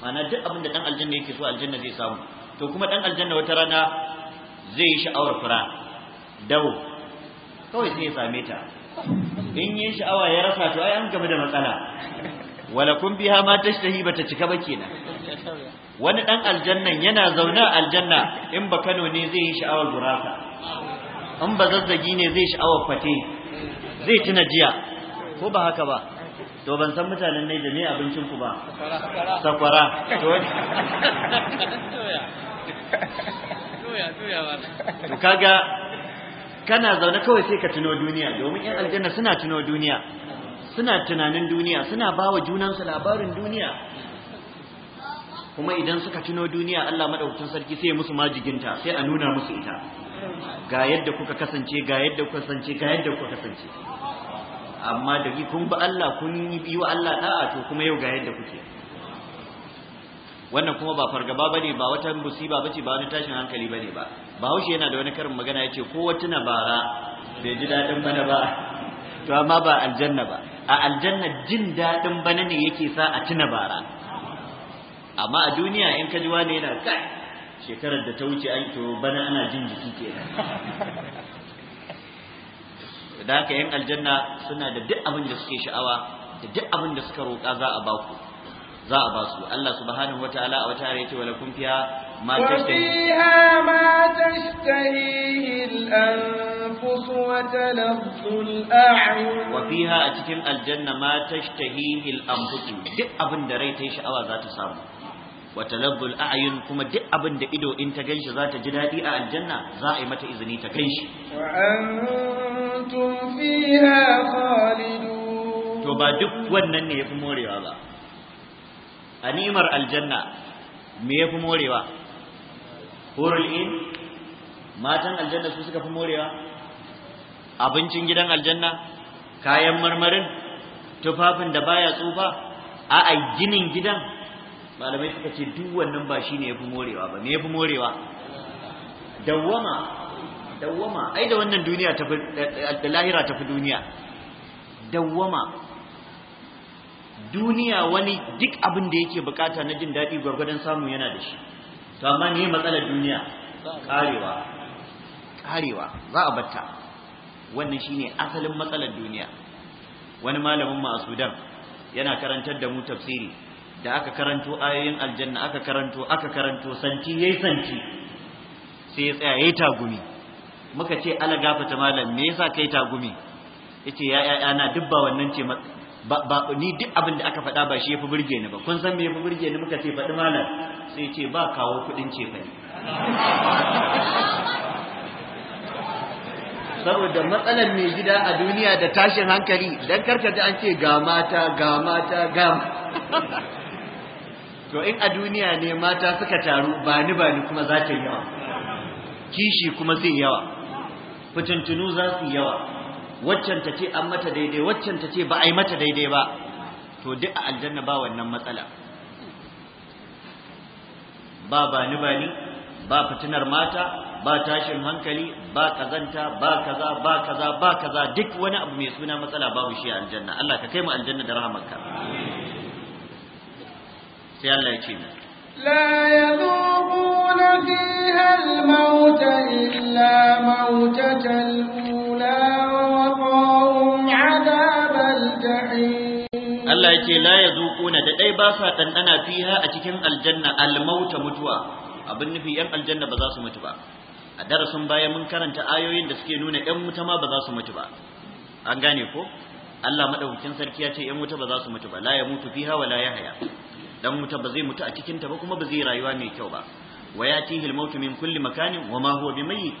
Speaker 4: Mana duk abin da ɗan aljanna yake so aljanna zai samu to kuma ɗan aljanna wata rana zai yi sha'awar fura dawo kawai sai ya same ta in yi sha'awa ya rasa to ai an gaba da matsala wala kun biya ma ba bata cika ba kenan wani ɗan aljannan yana zaune a aljanna in ba Kano ne zai yi sha'awar gurasa in ba zazzagi ne zai sha'awar fate zai tuna jiya ko ba haka ba to ban san mutanen ne da ne abincin ku ba sakwara to
Speaker 1: kaga
Speaker 4: kana zaune kawai sai ka tuno duniya domin yan aljanna suna tuno duniya suna tunanin duniya suna bawa junansu labarin duniya kuma idan suka tuno duniya Allah madaukakin sarki sai musu majiginta sai a nuna musu ita ga yadda kuka kasance ga yadda kuka kasance ga yadda kuka kasance amma da kun bi Allah kun yi wa Allah da'a to kuma yau ga yadda kuke wannan kuma ba fargaba bane ba wata musiba bace ba wani tashin hankali bane ba bahaushe yana da wani karin magana yace ko wata bara bai ji dadin bana ba to amma ba aljanna ba a aljanna jin dadin bana ne yake sa a tuna bara amma a duniya in ka ji wani yana kai shekarar da ta wuce ai to bana ana jin jiki kenan da haka yan aljanna suna da duk abin da suke sha'awa da duk abin da suka roƙa za a ba ku za a ba su Allah subhanahu wataala a wata ayati wala kun fiha ma tashtahi
Speaker 3: ma tashtahi al-anfus wa talazzu al-a'yun wa fiha a
Speaker 4: cikin aljanna ma tashtahi al-anfus duk abin da rai ta sha'awa za ta samu wa talabbul a'yun kuma duk abin da ido in ta ganshi za ta ji daɗi a aljanna za a yi mata izini ta ganshi to ba duk wannan ne yafi morewa ba a ni'imar aljanna me yafi morewa hurul in matan aljanna su suka fi morewa abincin gidan aljanna kayan marmarin tufafin da baya tsufa a ginin gidan malamai suka ce duk wannan ba shine yafi morewa ba me yafi morewa dawwama dawwama ai da wannan duniya ta da lahira ta fi duniya dawwama duniya wani duk abin da yake bukata na jin daɗi gwargwadon samu yana da shi to amma ne matsalar duniya karewa karewa za a batta wannan shine asalin matsalar duniya wani malamin mu a Sudan yana karantar da mu tafsiri da aka karanto ayoyin aljanna aka karanto aka karanto santi yayi santi sai ya tsaya yayi tagumi muka ce ala gafata malam me yasa kai tagumi yace ya ya na dubba wannan ce ba ni duk abin da aka faɗa ba shi yafi burge ni ba kun san me yafi burge ni muka ce faɗi malam sai ce ba kawo kuɗin ce fa saboda matsalar mai gida a duniya da tashin hankali dan karka an ce ga mata ga mata ga to in a duniya ne mata suka taru ba ni ba ni kuma za ta yawa kishi kuma zai yawa fitintunu za su yawa waccan ta ce an mata daidai waccan ta ce ba a yi mata daidai ba to duk a aljanna ba wannan matsala ba ba ni ba ni ba fitinar mata ba tashin hankali ba kazanta ba kaza ba kaza ba kaza duk wani abu mai suna matsala babu shi a aljanna Allah ka kai mu aljanna da rahmarka amin sai Allah ya ce
Speaker 3: la yadhubuna fiha al-maut illa mautatal ula wa waqahum adabal jahim Allah ce la
Speaker 4: yadhuquna da dai ba sa dandana fiha a cikin aljanna al-mauta mutuwa abin nufi yan aljanna ba za su mutu ba a darasin baya mun karanta ayoyin da suke nuna yan wuta ma ba za su mutu ba an gane ko Allah madaukakin sarki ya ce yan wuta ba za su mutu ba la ya mutu fiha wa la yahya dan wuta ba zai mutu a cikin ta ba kuma ba zai rayuwa mai kyau ba wa yatihi mautu min kulli makanin wa ma huwa bimayyit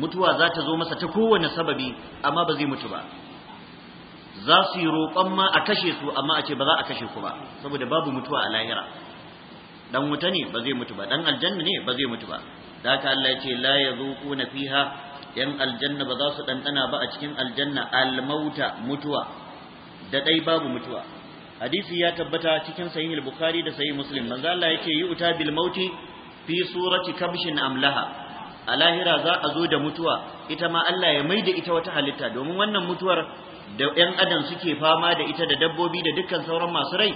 Speaker 4: mutuwa za ta zo masa ta kowane sababi amma ba zai mutu ba za su yi roƙon ma a kashe su amma a ce ba za a kashe ku ba saboda babu mutuwa a lahira dan wuta ne ba zai mutu ba dan aljanna ne ba zai mutu ba da haka Allah ya ce la yazuquna fiha yan aljanna ba za su dandana ba a cikin aljanna almauta mutuwa da dai babu mutuwa hadisi ya tabbata cikin sahih al-bukhari da sahih muslim manzo Allah yake yi uta bil mauti fi surati kabshin amlaha a lahira za a zo da mutuwa ita ma Allah ya maida ita wata halitta domin wannan mutuwar da ƴan adam suke fama da ita da dabbobi da dukkan sauran masu rai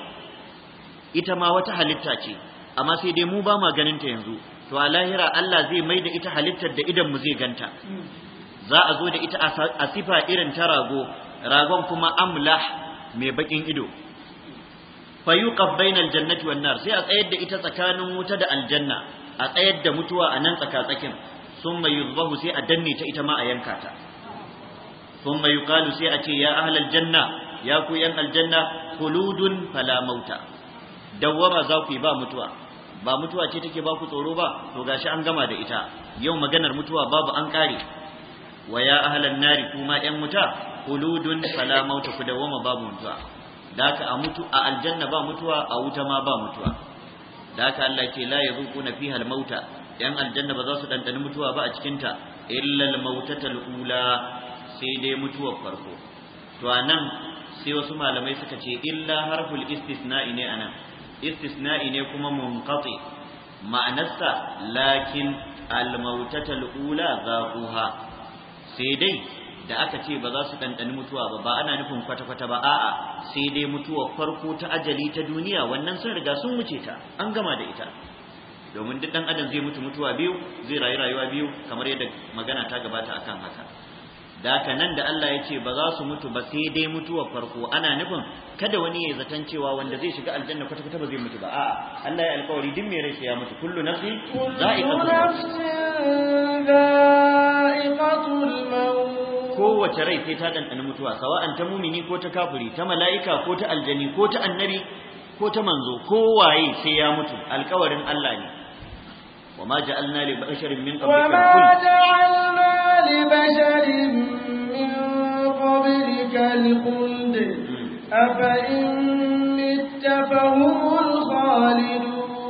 Speaker 4: ita ma wata halitta ce amma sai dai mu ba ma ganin ta yanzu to a lahira Allah zai maida ita halittar da idan mu zai ganta za a zo da ita a sifa irin ta rago ragon kuma amlah mai bakin ido fayuqaf bainal jannati wan nar sai a tsayar da ita tsakanin wuta da aljanna a tsayar da mutuwa a nan tsakatsakin summa yuzbahu sai a danne ta ita ma a yanka ta summa yuqalu sai a ce ya ahlal janna ya ku yan aljanna khuludun fala mauta dawwama za ku ba mutuwa ba mutuwa ce take ba ku tsoro ba to gashi an gama da ita yau maganar mutuwa babu an kare wa ya ahlan nari kuma yan wuta khuludun fala mauta ku dawwama babu mutuwa da a mutu a aljanna ba mutuwa a wuta ma ba mutuwa da Allah yake la yazuquna fiha almauta mauta yan aljanna ba za su dandani mutuwa ba a cikin ta illa almautata alula sai dai mutuwar farko to anan sai wasu malamai suka ce illa harful istisna'i ne anan istisna'i ne kuma munqati ma'anarsa lakin almautata alula za zaquha sai dai da aka ce ba za su ɗanɗani mutuwa ba ba ana nufin kwata-kwata ba a'a sai dai mutuwa farko ta ajali ta duniya wannan sun riga sun wuce ta an gama da ita domin duk ɗan adam zai mutu mutuwa biyu zai rayu rayuwa biyu kamar yadda magana ta gabata akan haka da haka nan da Allah ya ce ba za su mutu ba sai dai mutuwa farko ana nufin kada wani ya zaton cewa wanda zai shiga aljanna kwata-kwata ba zai mutu ba a'a Allah ya alƙawari duk mai rai sai ya mutu kullu nafsin
Speaker 3: za'iqatul maut
Speaker 4: kowace rai sai ta ɗanɗana mutuwa sawa'an ta mumini ko ta kafiri ta mala'ika ko ta aljani ko ta annabi ko ta manzo kowaye sai ya mutu alkawarin Allah ne وما جعلنا لبشر من قبلك وما
Speaker 3: جعلنا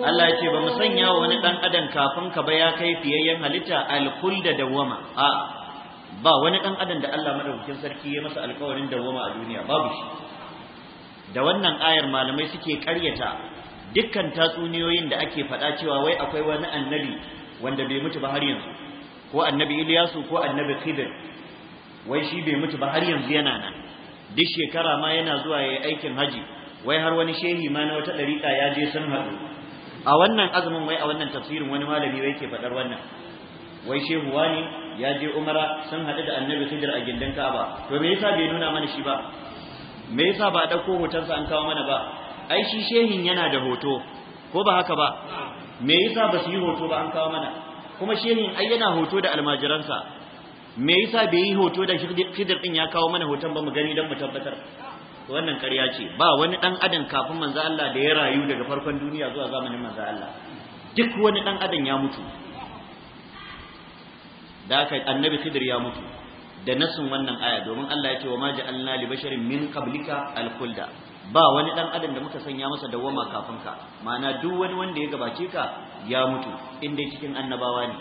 Speaker 3: Allah ya ce ba mu sanya wani
Speaker 4: dan adam kafin ka ba ya kai fiyayyen halitta al-khulda dawama a ba wani ɗan adam da Allah madaukakin sarki ya masa alƙawarin dawoma a duniya babu shi da wannan ayar malamai suke ƙaryata dukkan tatsuniyoyin da ake faɗa cewa wai akwai wani annabi wanda bai mutu ba har yanzu ko annabi Iliyasu ko annabi Khidir wai shi bai mutu ba har yanzu yana nan duk shekara ma yana zuwa yayi aikin haji wai har wani shehi ma na wata ɗariƙa ya je sun haɗu a wannan azumin wai a wannan tafsirin wani malami wai ke faɗar wannan wai shehu wani ya je umara sun haɗu da annabi hijira a gindin ka'aba to me yasa bai nuna mana shi ba me yasa ba ɗauko hotonsa an kawo mana ba ai shi shehin yana da hoto ko ba haka ba me yasa ba su yi hoto ba an kawo mana kuma shehin ai yana hoto da almajiransa me yasa bai yi hoto da hijir din ya kawo mana hoton ba mu gani don mu tabbatar wannan ƙarya ce ba wani ɗan adam kafin manzo Allah da ya rayu daga farkon duniya zuwa zamanin manzo Allah duk wani ɗan adam ya mutu da aka annabi khidir ya mutu da nasin wannan aya domin Allah ya ce wa ma ja'alna li basharin min qablika al-khulda ba wani dan adam da muka sanya masa dawwama kafin ka ma'ana duk wani wanda ya gabace ka ya mutu inda cikin annabawa ne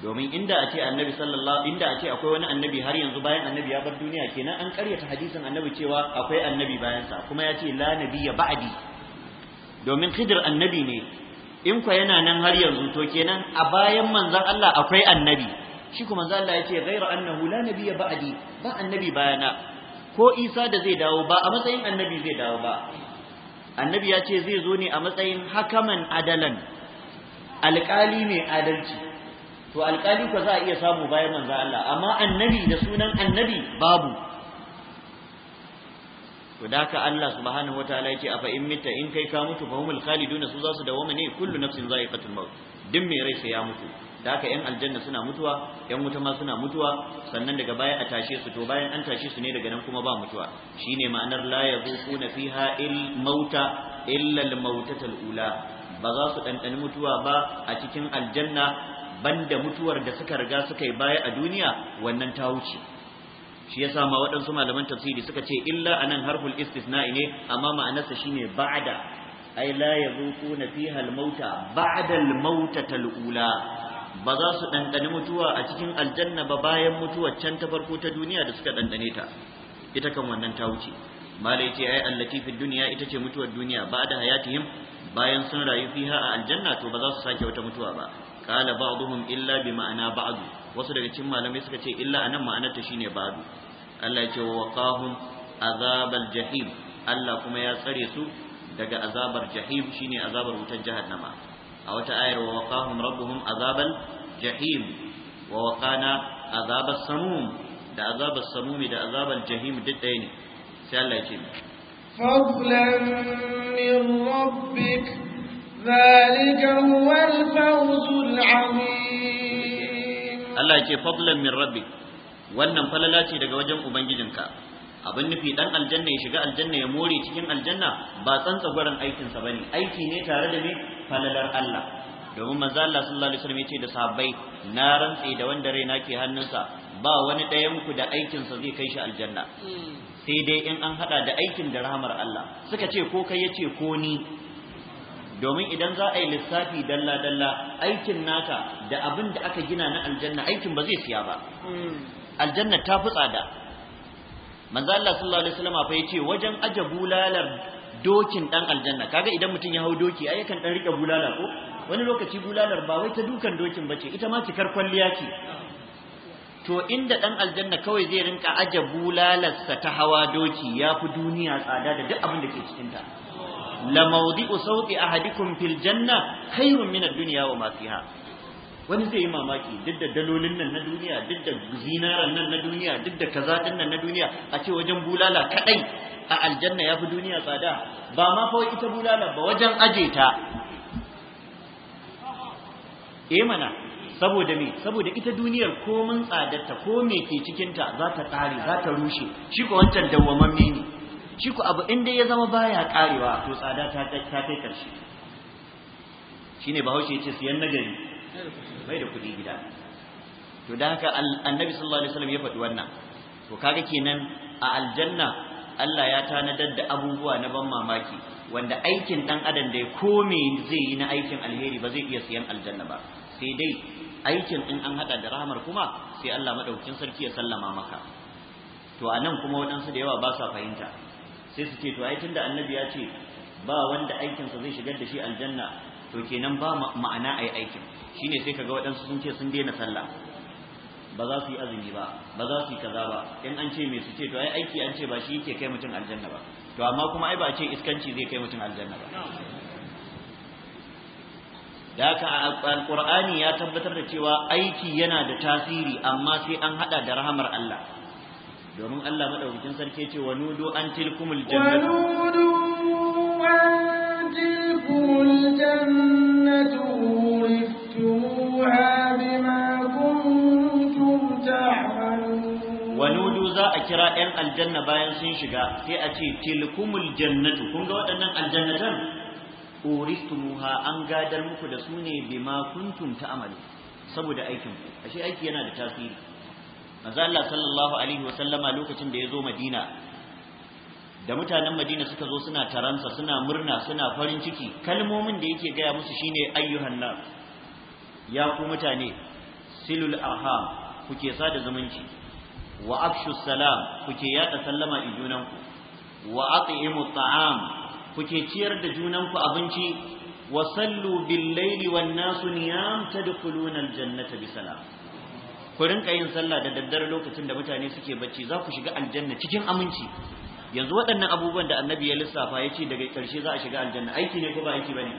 Speaker 4: domin inda a ce annabi sallallahu inda a ce akwai wani annabi har yanzu bayan annabi ya bar duniya kenan an karyata hadisin annabi cewa akwai annabi bayan sa kuma ya ce la nabiyya ba'di domin khidir annabi ne in kwa yana nan har yanzu to kenan a bayan manzon Allah akwai annabi shi kuma manzon Allah yace ghairu annahu la nabiyya ba'di ba annabi bayana ko Isa da zai dawo ba a matsayin annabi zai dawo ba annabi ya ce zai zo ne a matsayin hakaman adalan alƙali mai adalci to alƙali ko za a iya samu bayan manzon Allah amma annabi da sunan annabi babu to da haka Allah subhanahu wata yake afa in in kai ka mutu fa humul khaliduna su za su dawoma ne kullu nafsin za'iqatul maut duk mai rai sai ya mutu da haka yan aljanna suna mutuwa yan wuta ma suna mutuwa sannan daga baya a tashe su to bayan an tashe su ne daga nan kuma ba mutuwa shine ma'anar la yazuquna fiha il mauta illa al mautatul ula ba za su dandani mutuwa ba a cikin aljanna banda mutuwar da suka riga suka yi baya a duniya wannan ta wuce shi yasa ma waɗansu malaman tafsiri suka ce illa anan harful istisna'i ne amma ma'anarsa shine ba'da ai la yazuquna fiha mauta ba'da al-mautata al-ula ba za su dandane mutuwa a cikin aljanna ba bayan mutuwar can ta farko ta duniya da suka dandane ta ita kan wannan ta wuce malai ce ai allati fi duniya ita ce mutuwar duniya ba'da hayatihim bayan sun rayu fiha a aljanna to ba za su sake wata mutuwa ba qala ba'dhum illa bi ma'ana ba'd wasu daga cikin malamai suka ce illa anan ma'anarta shine ba'd Allah ya ce wa waqahum azabal jahim Allah kuma ya tsare su daga azabar jahim shine azabar wutar jahannama a wata ayar wa waqahum rabbuhum azabal jahim wa waqana azabas samum da azabar samumi da azabar jahim duk ɗaya ne sai Allah ya ce
Speaker 3: فضلا من ربك ذلك هو الفوز العظيم الله
Speaker 4: يكي فضلا من ربك wannan falala ce daga wajen ubangijinka abin nufi dan aljanna ya shiga aljanna ya more cikin aljanna ba tsantsa gurin aikinsa bane aiki ne tare da me falalar Allah domin manzo Allah sallallahu alaihi wasallam ya ce da sahabbai na rantsi da wanda raina ke hannunsa ba wani ɗayan ku da aikinsa zai kai shi aljanna hmm. sai dai in an hada da aikin da rahmar Allah suka ce ko kai yace ko ni domin idan za a yi lissafi dalla dalla aikin naka da abin da aka gina na aljanna aikin ba zai siya ba hmm. aljanna ta fi tsada manzo Allah sallallahu alaihi wasallam fa yace wajen aje bulalar dokin dan aljanna kaga idan mutum ya hau doki ai yakan dan rike bulala ko wani lokaci bulalar ba wai ta dukan dokin bace ita ma cikar kwalliya ce to inda dan aljanna kawai zai rinka aje sa ta hawa doki ya fi duniya tsada da duk abin da ke cikin ta lamawdi'u sauti ahadikum fil janna khairun min ad-dunya wa ma fiha wani zai yi mamaki duk da dalolin nan na duniya duk da zinaran nan na duniya duk da kaza din nan na duniya a ce wajen bulala kadai a aljanna yafi duniya tsada ba ma fa ita bulala ba wajen aje ta eh mana saboda me saboda ita duniyar ko mun tsadar ta ko me ke cikin ta za ta tsare za ta rushe shi ko wancan dawwamamme ne shi ku abu inda ya zama baya karewa to tsada ta ta kai karshe shine bahaushe yace siyan nagari bai da kudi gida to da haka annabi sallallahu alaihi wasallam ya faɗi wannan to kaga kenan a aljanna Allah ya tanadar da abubuwa na ban mamaki wanda aikin dan adam da ya kome zai yi na aikin alheri ba zai iya siyan aljanna ba sai dai aikin in an hada da rahmar kuma sai Allah madaukin sarki ya sallama maka to a nan kuma waɗansu da yawa ba sa fahimta sai su ce to ai tunda annabi ya ce ba wanda aikinsa zai shigar da shi aljanna to kenan ba ma'ana ai aikin shine sai kaga waɗansu sun ce sun daina sallah ba za su yi azumi ba ba za su yi kaza ba in an ce me su ce to ai aiki an ce ba shi yake kai mutum aljanna ba to amma kuma ai ba a ce iskanci zai kai mutum aljanna ba da haka alqur'ani ya tabbatar da cewa aiki yana da tasiri amma sai an hada da rahamar Allah domin Allah madaukakin sarki ce wa nudu an tilkumul jannatu wa
Speaker 3: nudu an tilkumul jannatu bima wa nudu za
Speaker 4: a kira 'yan aljanna bayan sun shiga sai a ce tilkumul jannatu kun ga waɗannan aljannatan uristumuha an gadar muku da su ne bima kuntum ta'malun saboda aikin ashe aiki yana da tasiri manzo Allah sallallahu alaihi wa sallama lokacin da ya zo Madina da mutanen Madina suka zo suna taransa suna murna suna farin ciki kalmomin da yake gaya musu shine ayyuhan nas ya ku mutane silul arham kuke sada zumunci wa afshu salam kuke yada sallama junanku wa at'imu ta'am kuke ciyar da junanku abinci wa sallu bil laili wan nasu niyam tadkhuluna al jannata bi ku rinka yin sallah da daddare lokacin da mutane suke bacci za ku shiga aljanna cikin aminci yanzu waɗannan abubuwan da annabi ya lissafa ya ce daga ƙarshe za a shiga aljanna aiki ne ko ba aiki ba ne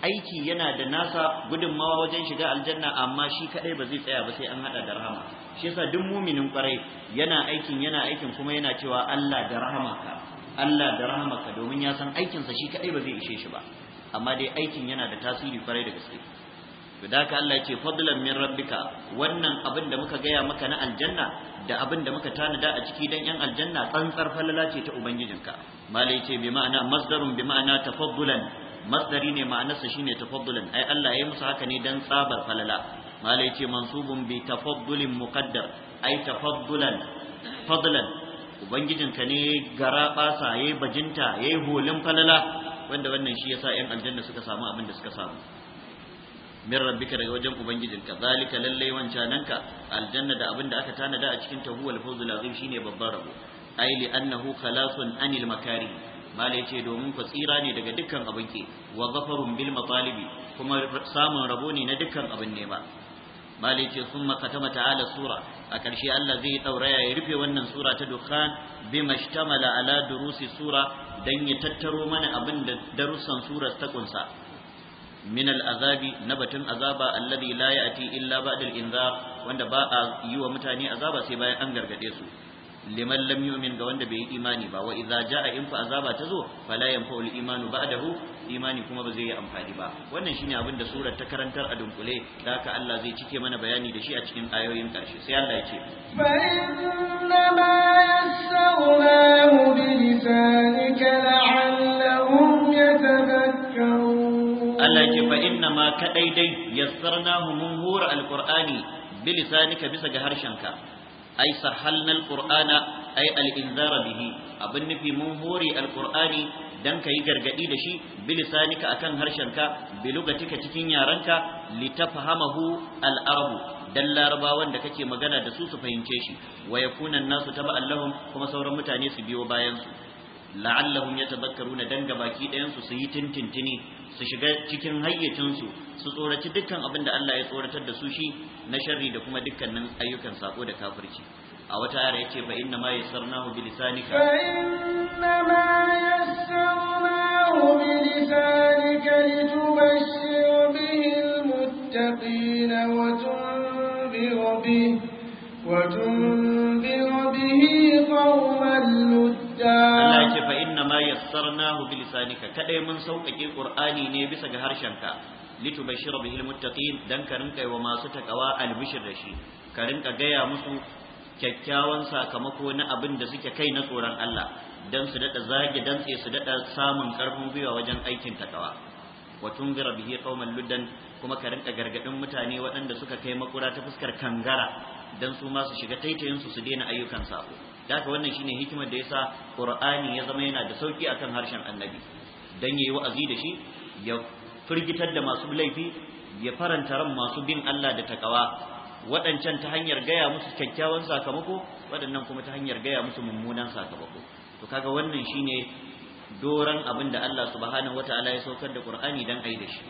Speaker 4: aiki yana da nasa gudunmawa wajen shiga aljanna amma shi kaɗai ba zai tsaya ba sai an haɗa da rahama shi yasa duk muminin kwarai yana aikin yana aikin kuma yana cewa Allah da rahamaka Allah da rahamaka domin ya san aikinsa shi kaɗai ba zai ishe shi ba amma dai aikin yana da tasiri ƙwarai da gaske to da ka Allah yake fadlan min rabbika wannan abin da muka gaya maka na aljanna da abin da muka tanada a ciki dan yan aljanna tsantsar falala ce ta ubangijinka malai ce bi ma'ana masdarun bi ma'ana tafaddulan masdari ne ma'anarsa shine tafaddulan ai Allah ya musu haka ne dan tsabar falala malai ce mansubun bi tafaddulin muqaddar ai tafaddulan fadlan ubangijinka ne gara basa yayi bajinta yayi holin falala wanda wannan shi yasa yan aljanna suka samu abin da suka samu min rabbika daga wajen ubangijinka zalika lallai wancananka aljanna da abin da aka tanada a cikin ta huwal shine babban rabo ai li annahu khalasun anil makari mala yace domin ku tsira ne daga dukkan abin ke wa ghafarun bil matalibi kuma samun rabo ne na dukkan abin nema mala yace summa katama ta'ala sura a karshe Allah zai dauraya ya rufe wannan sura ta dukhan bima ishtamala ala durusi sura dan ya tattaro mana abin da darussan surar ta kunsa
Speaker 3: Minal azabi na batun azaba alladhi la ya'ti illa ba'da al wanda ba a yi wa mutane azaba sai bayan an gargade su
Speaker 4: liman lam ga wanda bai yi imani ba wa idza ja'a in fa azaba ta zo, tazo fala yanfa'u ba da hu, imani kuma ba zai yi amfani ba wannan shine abin da surar ta karantar a dunkule da haka Allah zai cike mana bayani da shi a cikin ayoyin karshe sai Allah ya ce
Speaker 3: fa inna ma yasawnahu bi lisanika la'allahum yatadakkarun Allah ce fa
Speaker 4: inna ma kadai dai yassarnahu mun hura alqur'ani bilisanika bisa ga harshenka ai sahalna alqur'ana ai al bihi abin nufi mun hore alqur'ani dan ka yi gargadi da shi bilisanika akan harshenka bilugatika cikin yarenka litafhamahu al-arabu dan larabawan da kake magana da su su fahimce shi wa yakuna nasu taba'an lahum kuma sauran mutane su biyo bayan su la'allahum yatadhakkaruna danga baki ɗayan su su yi tintintini su shiga cikin hayyacinsu su tsoraci dukkan abin da Allah ya tsoratar da su shi na sharri da kuma dukkanin ayyukan sako da kafirci a wata ya yace fa inna ma yassarnahu bi lisanika fa
Speaker 3: inna ma yassarnahu bi lisanika litubashshira bihi almuttaqina wa tunbiru bihi وتنذر به قوما لدا
Speaker 4: yassarnahu bi lisanika kadai mun sauƙaƙe qur'ani ne bisa ga harshenka litubashshira bihi almuttaqin dan ka rinka wa masu takawa albishir da shi ka rinka gaya musu kyakkyawan sakamako na abin da suke kai na tsoron Allah dan su dada zage dantse su dada samun karfin gwiwa wajen aikin takawa wa tunzira bihi qauman luddan kuma ka rinka gargadin mutane waɗanda suka kai makura ta fuskar kangara dan su ma su shiga taitayin su su daina ayyukan sako da haka wannan shine hikimar da yasa qur'ani ya zama yana da sauki akan harshen annabi dan yayi wa'azi da shi ya firgitar da masu laifi ya faranta ran masu bin Allah da takawa waɗancan ta hanyar gaya musu kyakkyawan sakamako waɗannan kuma ta hanyar gaya musu mummunan sakamako to kaga wannan shine doran abin da Allah subhanahu wataala ya saukar da Qur'ani dan ayi da shi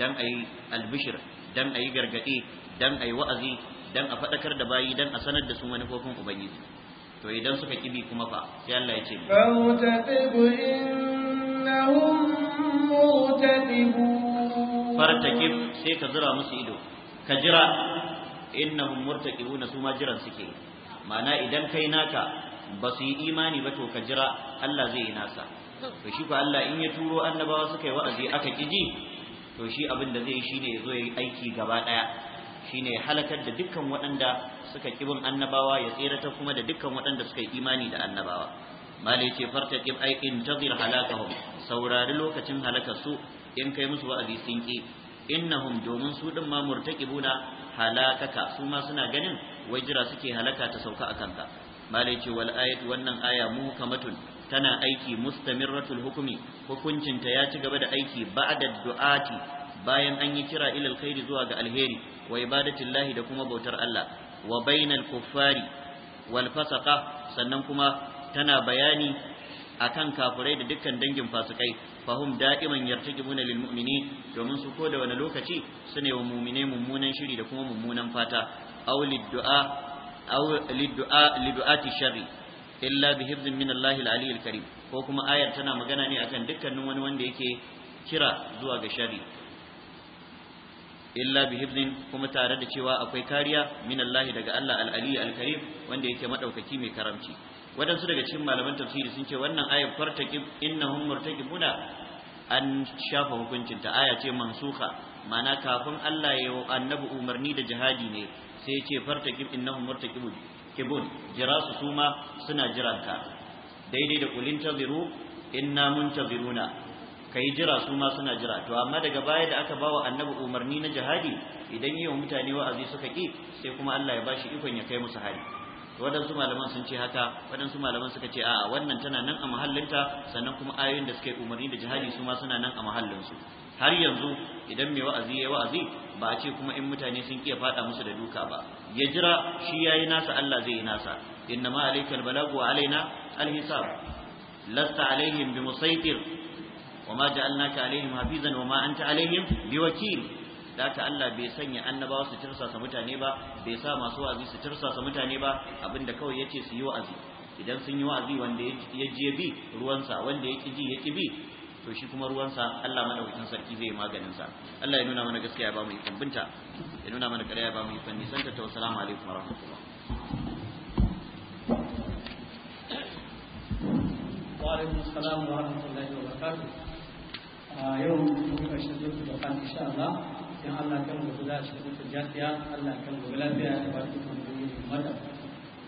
Speaker 4: dan ayi albishir dan ayi gargadi dan ayi wa'azi dan a fadakar da bayi dan a sanar da su manufofin ubangiji to idan suka kibi kuma fa sai Allah ya ce fartakib sai ka zura musu ido ka jira innahum murtaqibuna su ma jiran suke ma'ana idan kai naka ba su yi imani ba to ka jira Allah zai yi nasa to shi ko Allah in ya turo annabawa suka yi wa'azi aka kiji to shi abin da zai yi shine ya zo ya yi aiki gaba daya shine ya halakar da dukkan waɗanda suka kibin annabawa ya tsirata kuma da dukkan waɗanda suka yi imani da annabawa mali ce fartaqib ai in intazir halakahum saurari lokacin halakar su in kai musu wa'azi sun ki innahum domin su din ma murtaqibuna halakaka su ma suna ganin wai jira suke halaka ta sauka akan ka mali ce wal ayat wannan aya kamatun tana aiki mustamirratul hukumi hukuncinta ya ci gaba da aiki ba'da du'ati bayan an yi kira ilal khairi zuwa ga alheri Wai ibadatillahi da kuma bautar Allah wa bainal kuffari wal fasaqa sannan kuma tana bayani akan kafirai da dukkan dangin fasikai fahum da'iman yartakibuna lil mu'mini domin su ko da wani lokaci su ne wa mu'mine mummunan shiri da kuma mummunan fata aw liddu'a aw liddu'a sharri illa bi hibzin min Allahil ko kuma ayar tana magana ne akan dukkanin wani wanda yake kira zuwa ga shari illa bi hibdin kuma tare da cewa akwai kariya min Allah daga Allah al-ali al-karim wanda yake madaukaki mai karamci wadansu daga cikin malaman tafsiri sun ce wannan ayat fartaqib innahum murtaqibuna an shafa hukuncin ta aya ce mansuha ma'ana kafin Allah ya yi annabi umarni da jihadi ne sai ya ce fartaqib innahum murtaqibun kibun jira su suma suna jiranka daidai da kulin taziru inna muntaziruna ka yi jira su ma suna jira to amma daga baya da aka bawa annabi umarni na jihadi idan yi wa mutane wa'azi suka ki sai kuma Allah ya bashi ikon ya kai musu hari waɗansu malaman sun ce haka waɗansu malaman suka ce a'a wannan tana nan a mahallinta sannan kuma ayoyin da suka yi umarni da jihadi su ma suna nan a mahallinsu har yanzu idan mai wa'azi ya wa'azi ba a ce kuma in mutane sun kiya faɗa musu da duka ba ya jira shi ya yi nasa Allah zai yi nasa inna ma alayka balagu wa alaina alhisab lasta alaihim bimusaitir وما جعلناك عليهم حفيظا وما أنت عليهم بوكيل da ta Allah bai sanya annabawa su tirsasa mutane ba bai sa masu wa'azi su tirsasa mutane ba abinda kawai yace su yi wa'azi idan sun yi wa'azi wanda ya ji ya bi ruwansa wanda ya ki ji ya ki bi to shi kuma ruwansa Allah madaukakin sarki zai maganin sa Allah ya nuna mana gaskiya ba mu ikon binta ya nuna mana ƙarya ba mu ikon san ta ta assalamu
Speaker 1: alaikum wa rahmatullah wa alaikum assalam wa rahmatullahi wa barakatuh yau mun karshe zuwa da kan insha Allah dan Allah kan mu za shi kuma jafiya Allah kan mu lafiya da barkin mu da mata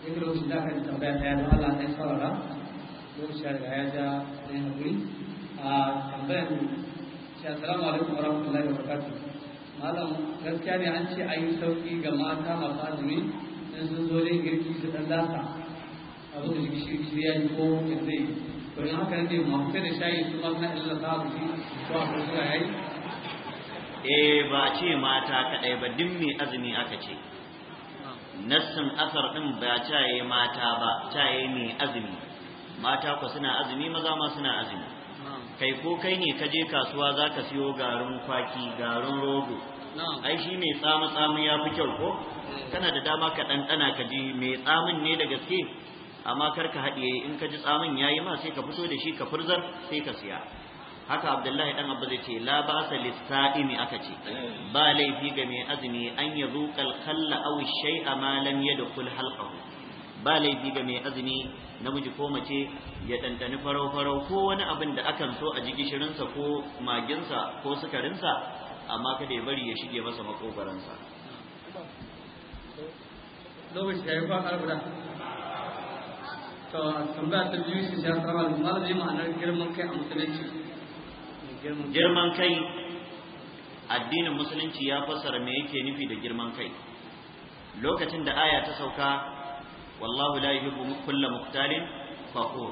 Speaker 1: in da da tambaya ta da Allah ta saurara mun ya ja da hakuri a tambayar mu assalamu alaikum malam gaskiya ne an ce ayi sauki ga mata masu azumi in sun zo dai girki su dan lasa abin da shi ya yi ko zai और यहाँ करेंगे मोहम्मद शाही yayi
Speaker 4: eh ba ce mata kaɗai ba duk mai azumi aka ce nassin asar ɗin ba caye mata ba caye mai azumi mata ku suna azumi maza ma suna azumi kai ko kai ne ka je kasuwa za ka siyo garin kwaki garin rogo ai shi mai tsamu tsamu ya fi kyau ko kana da dama ka ɗanɗana ka ji mai tsamin ne da gaske amma kar ka haɗiye in ka ji tsamin yayi ma sai ka fito da shi ka furzar sai ka siya haka abdullahi dan abba zai ce la ba'sa lissafi saimi aka ce ba laifi ga mai azumi an ya al-khalla aw shay'a ma lam yadkhul halqahu ba laifi ga mai azumi namiji ko mace ya dandani farau farau ko wani abin da akan so a ji gishirinsa sa ko magin sa ko sukarin sa amma kada ya bari ya shige masa makogaran sa
Speaker 1: to tambaya ta biyu shi ya tsara da malaji ma'anar girman kai a musulunci girman kai
Speaker 4: addinin musulunci ya fassara me yake nufi da girman kai lokacin da aya ta sauka wallahu la yuhibbu kulla muqtalin fakhur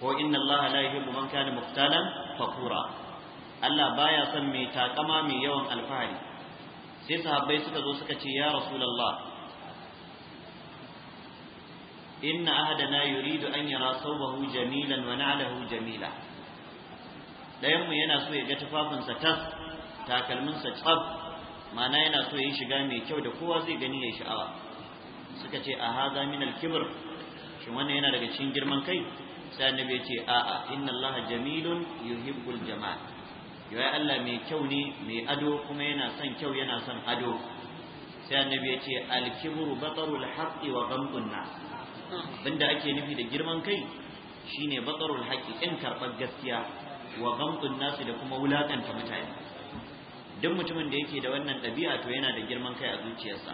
Speaker 4: ko inna allaha la yuhibbu man kana muqtalan fakhura Allah baya son mai takama mai yawan alfahari sai sahabbai suka zo suka ce ya rasulullah inna ahadana yuridu an yara thawbahu jamilan wa na'lahu jamila dayan mu yana so ya ga tufafinsa tas takalminsa tsab ma'ana yana so ya yi shiga mai kyau da kowa zai gani ya sha'awa suka ce a haza min al-kibr wannan yana daga cikin girman kai sai annabi ya ce a'a inna allaha jamilun yuhibbul jamal yawai Allah mai kyau ne mai ado kuma yana son kyau yana son ado sai annabi ya ce al-kibru batarul wa ghamdun abinda ake nufi da girman kai shine batsarul haqqi in karbar gaskiya wa gamtun nasu da kuma wulakanta mutane duk mutumin da yake da wannan ɗabi'a to yana da girman kai a zuciyarsa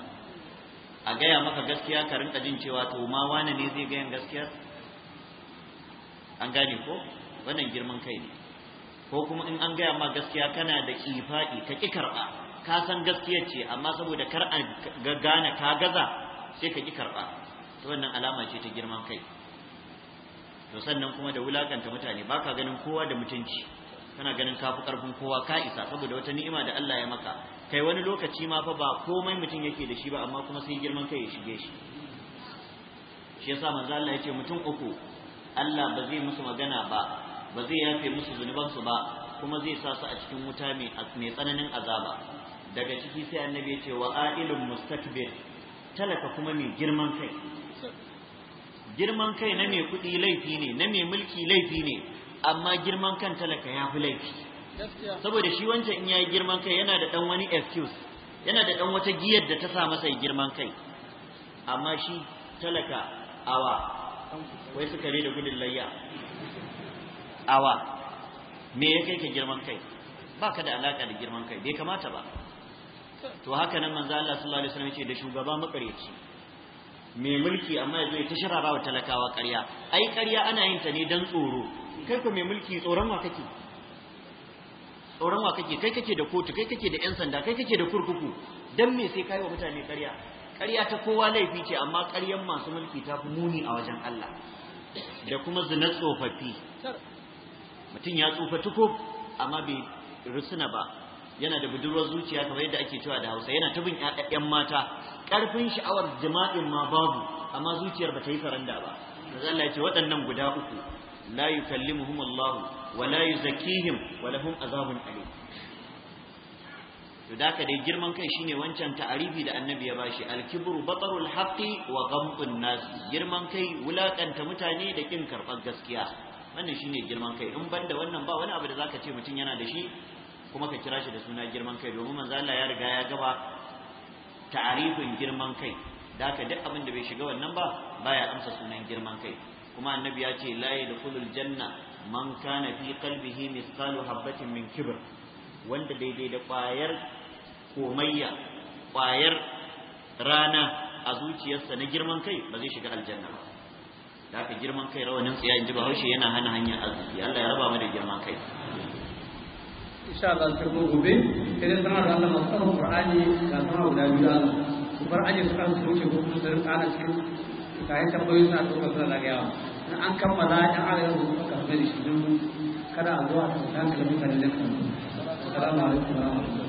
Speaker 4: a gaya maka gaskiya ka rinka jin cewa to ma wane ne zai gayan gaskiya? an gane ko wannan girman kai ne ko kuma in an gaya ma gaskiya kana da kifa'i ka ki karɓa ka san gaskiya ce amma saboda kar a gane ka gaza sai ka ki karɓa to wannan alama ce ta girman kai to sannan kuma da wulakanta mutane baka ganin kowa da mutunci kana ganin kafi karfin kowa ka isa saboda wata ni'ima da Allah ya maka kai wani lokaci ma fa ba komai mutum yake da shi ba amma kuma sai girman kai ya shige shi shi yasa manzo Allah yace mutum uku Allah ba zai musu magana ba ba zai yafe musu su ba kuma zai sa su a cikin wuta mai tsananin azaba daga ciki sai annabi ya ce wa ailun mustakbir talaka kuma mai girman kai girman kai na mai kuɗi laifi ne na mai mulki laifi ne amma girman kan talaka ya fi laifi saboda shi wancan in yayi girman kai yana da dan wani excuse yana da dan wata giyar da ta sa masa girman kai amma shi talaka awa wai suka da gudun layya awa me ya kai ka girman kai baka da alaka da girman kai bai kamata ba to haka nan manzo Allah sallallahu alaihi wasallam ya ce da shugaba makareci mai mulki amma ya zo ya tashirara wa talakawa ƙarya ai ƙarya ana yin ta ne don tsoro kai ko mai mulki tsoron wa kake tsoron wa kake kai kake da kotu kai kake da yan sanda kai kake da kurkuku dan me sai kai wa mutane ƙarya ƙarya ta kowa laifi ce amma ƙaryan masu mulki ta fi muni a wajen Allah da kuma zina tsofaffi mutum ya tsufa tuko amma bai rusuna ba yana da budurwar zuciya kamar yadda ake cewa da Hausa yana ta bin ƴaƴan mata ƙarfin sha'awar jima'in ma babu amma zuciyar ba ta yi faranda ba manzo Allah ya ce waɗannan guda uku la yukallimuhum Allah wa la yuzakkihim wa lahum azabun alim to da dai girman kai shine wancan ta'arifi da annabi ya bashi al-kibru batarul haqqi wa ghamtun nas girman kai wulakanta mutane da kin karɓar gaskiya wannan shine girman kai in banda wannan ba wani abu da zaka ce mutum yana da shi kuma ka kira shi da suna girman kai domin manzo Allah ya riga ya gaba ta'arifin girman kai da ka duk abin da bai shiga wannan ba baya amsa sunan girman kai kuma annabi ya ce la yadkhulul janna man kana fi qalbihi mithqalu habatin min kibr wanda daidai da ƙwayar komayya ƙwayar rana a zuciyarsa na girman kai ba zai shiga aljanna ba da ka girman kai rawanin tsaya inji ba bahaushe yana hana hanyar arziki Allah ya raba mu da girman kai
Speaker 1: insha ah, Allah sai gobe idan tana da Allah masu kafa Qur'ani ga sama guda biyu Allah su bar aje su kan wuce ko kuma su rinka ana ka kayan tambayoyi suna ɗaukar suna zagayawa in an kammala ya ala yau kuma kan da shi don kada a zuwa a kan kalmi kan da kan
Speaker 2: assalamu alaikum wa rahmatullahi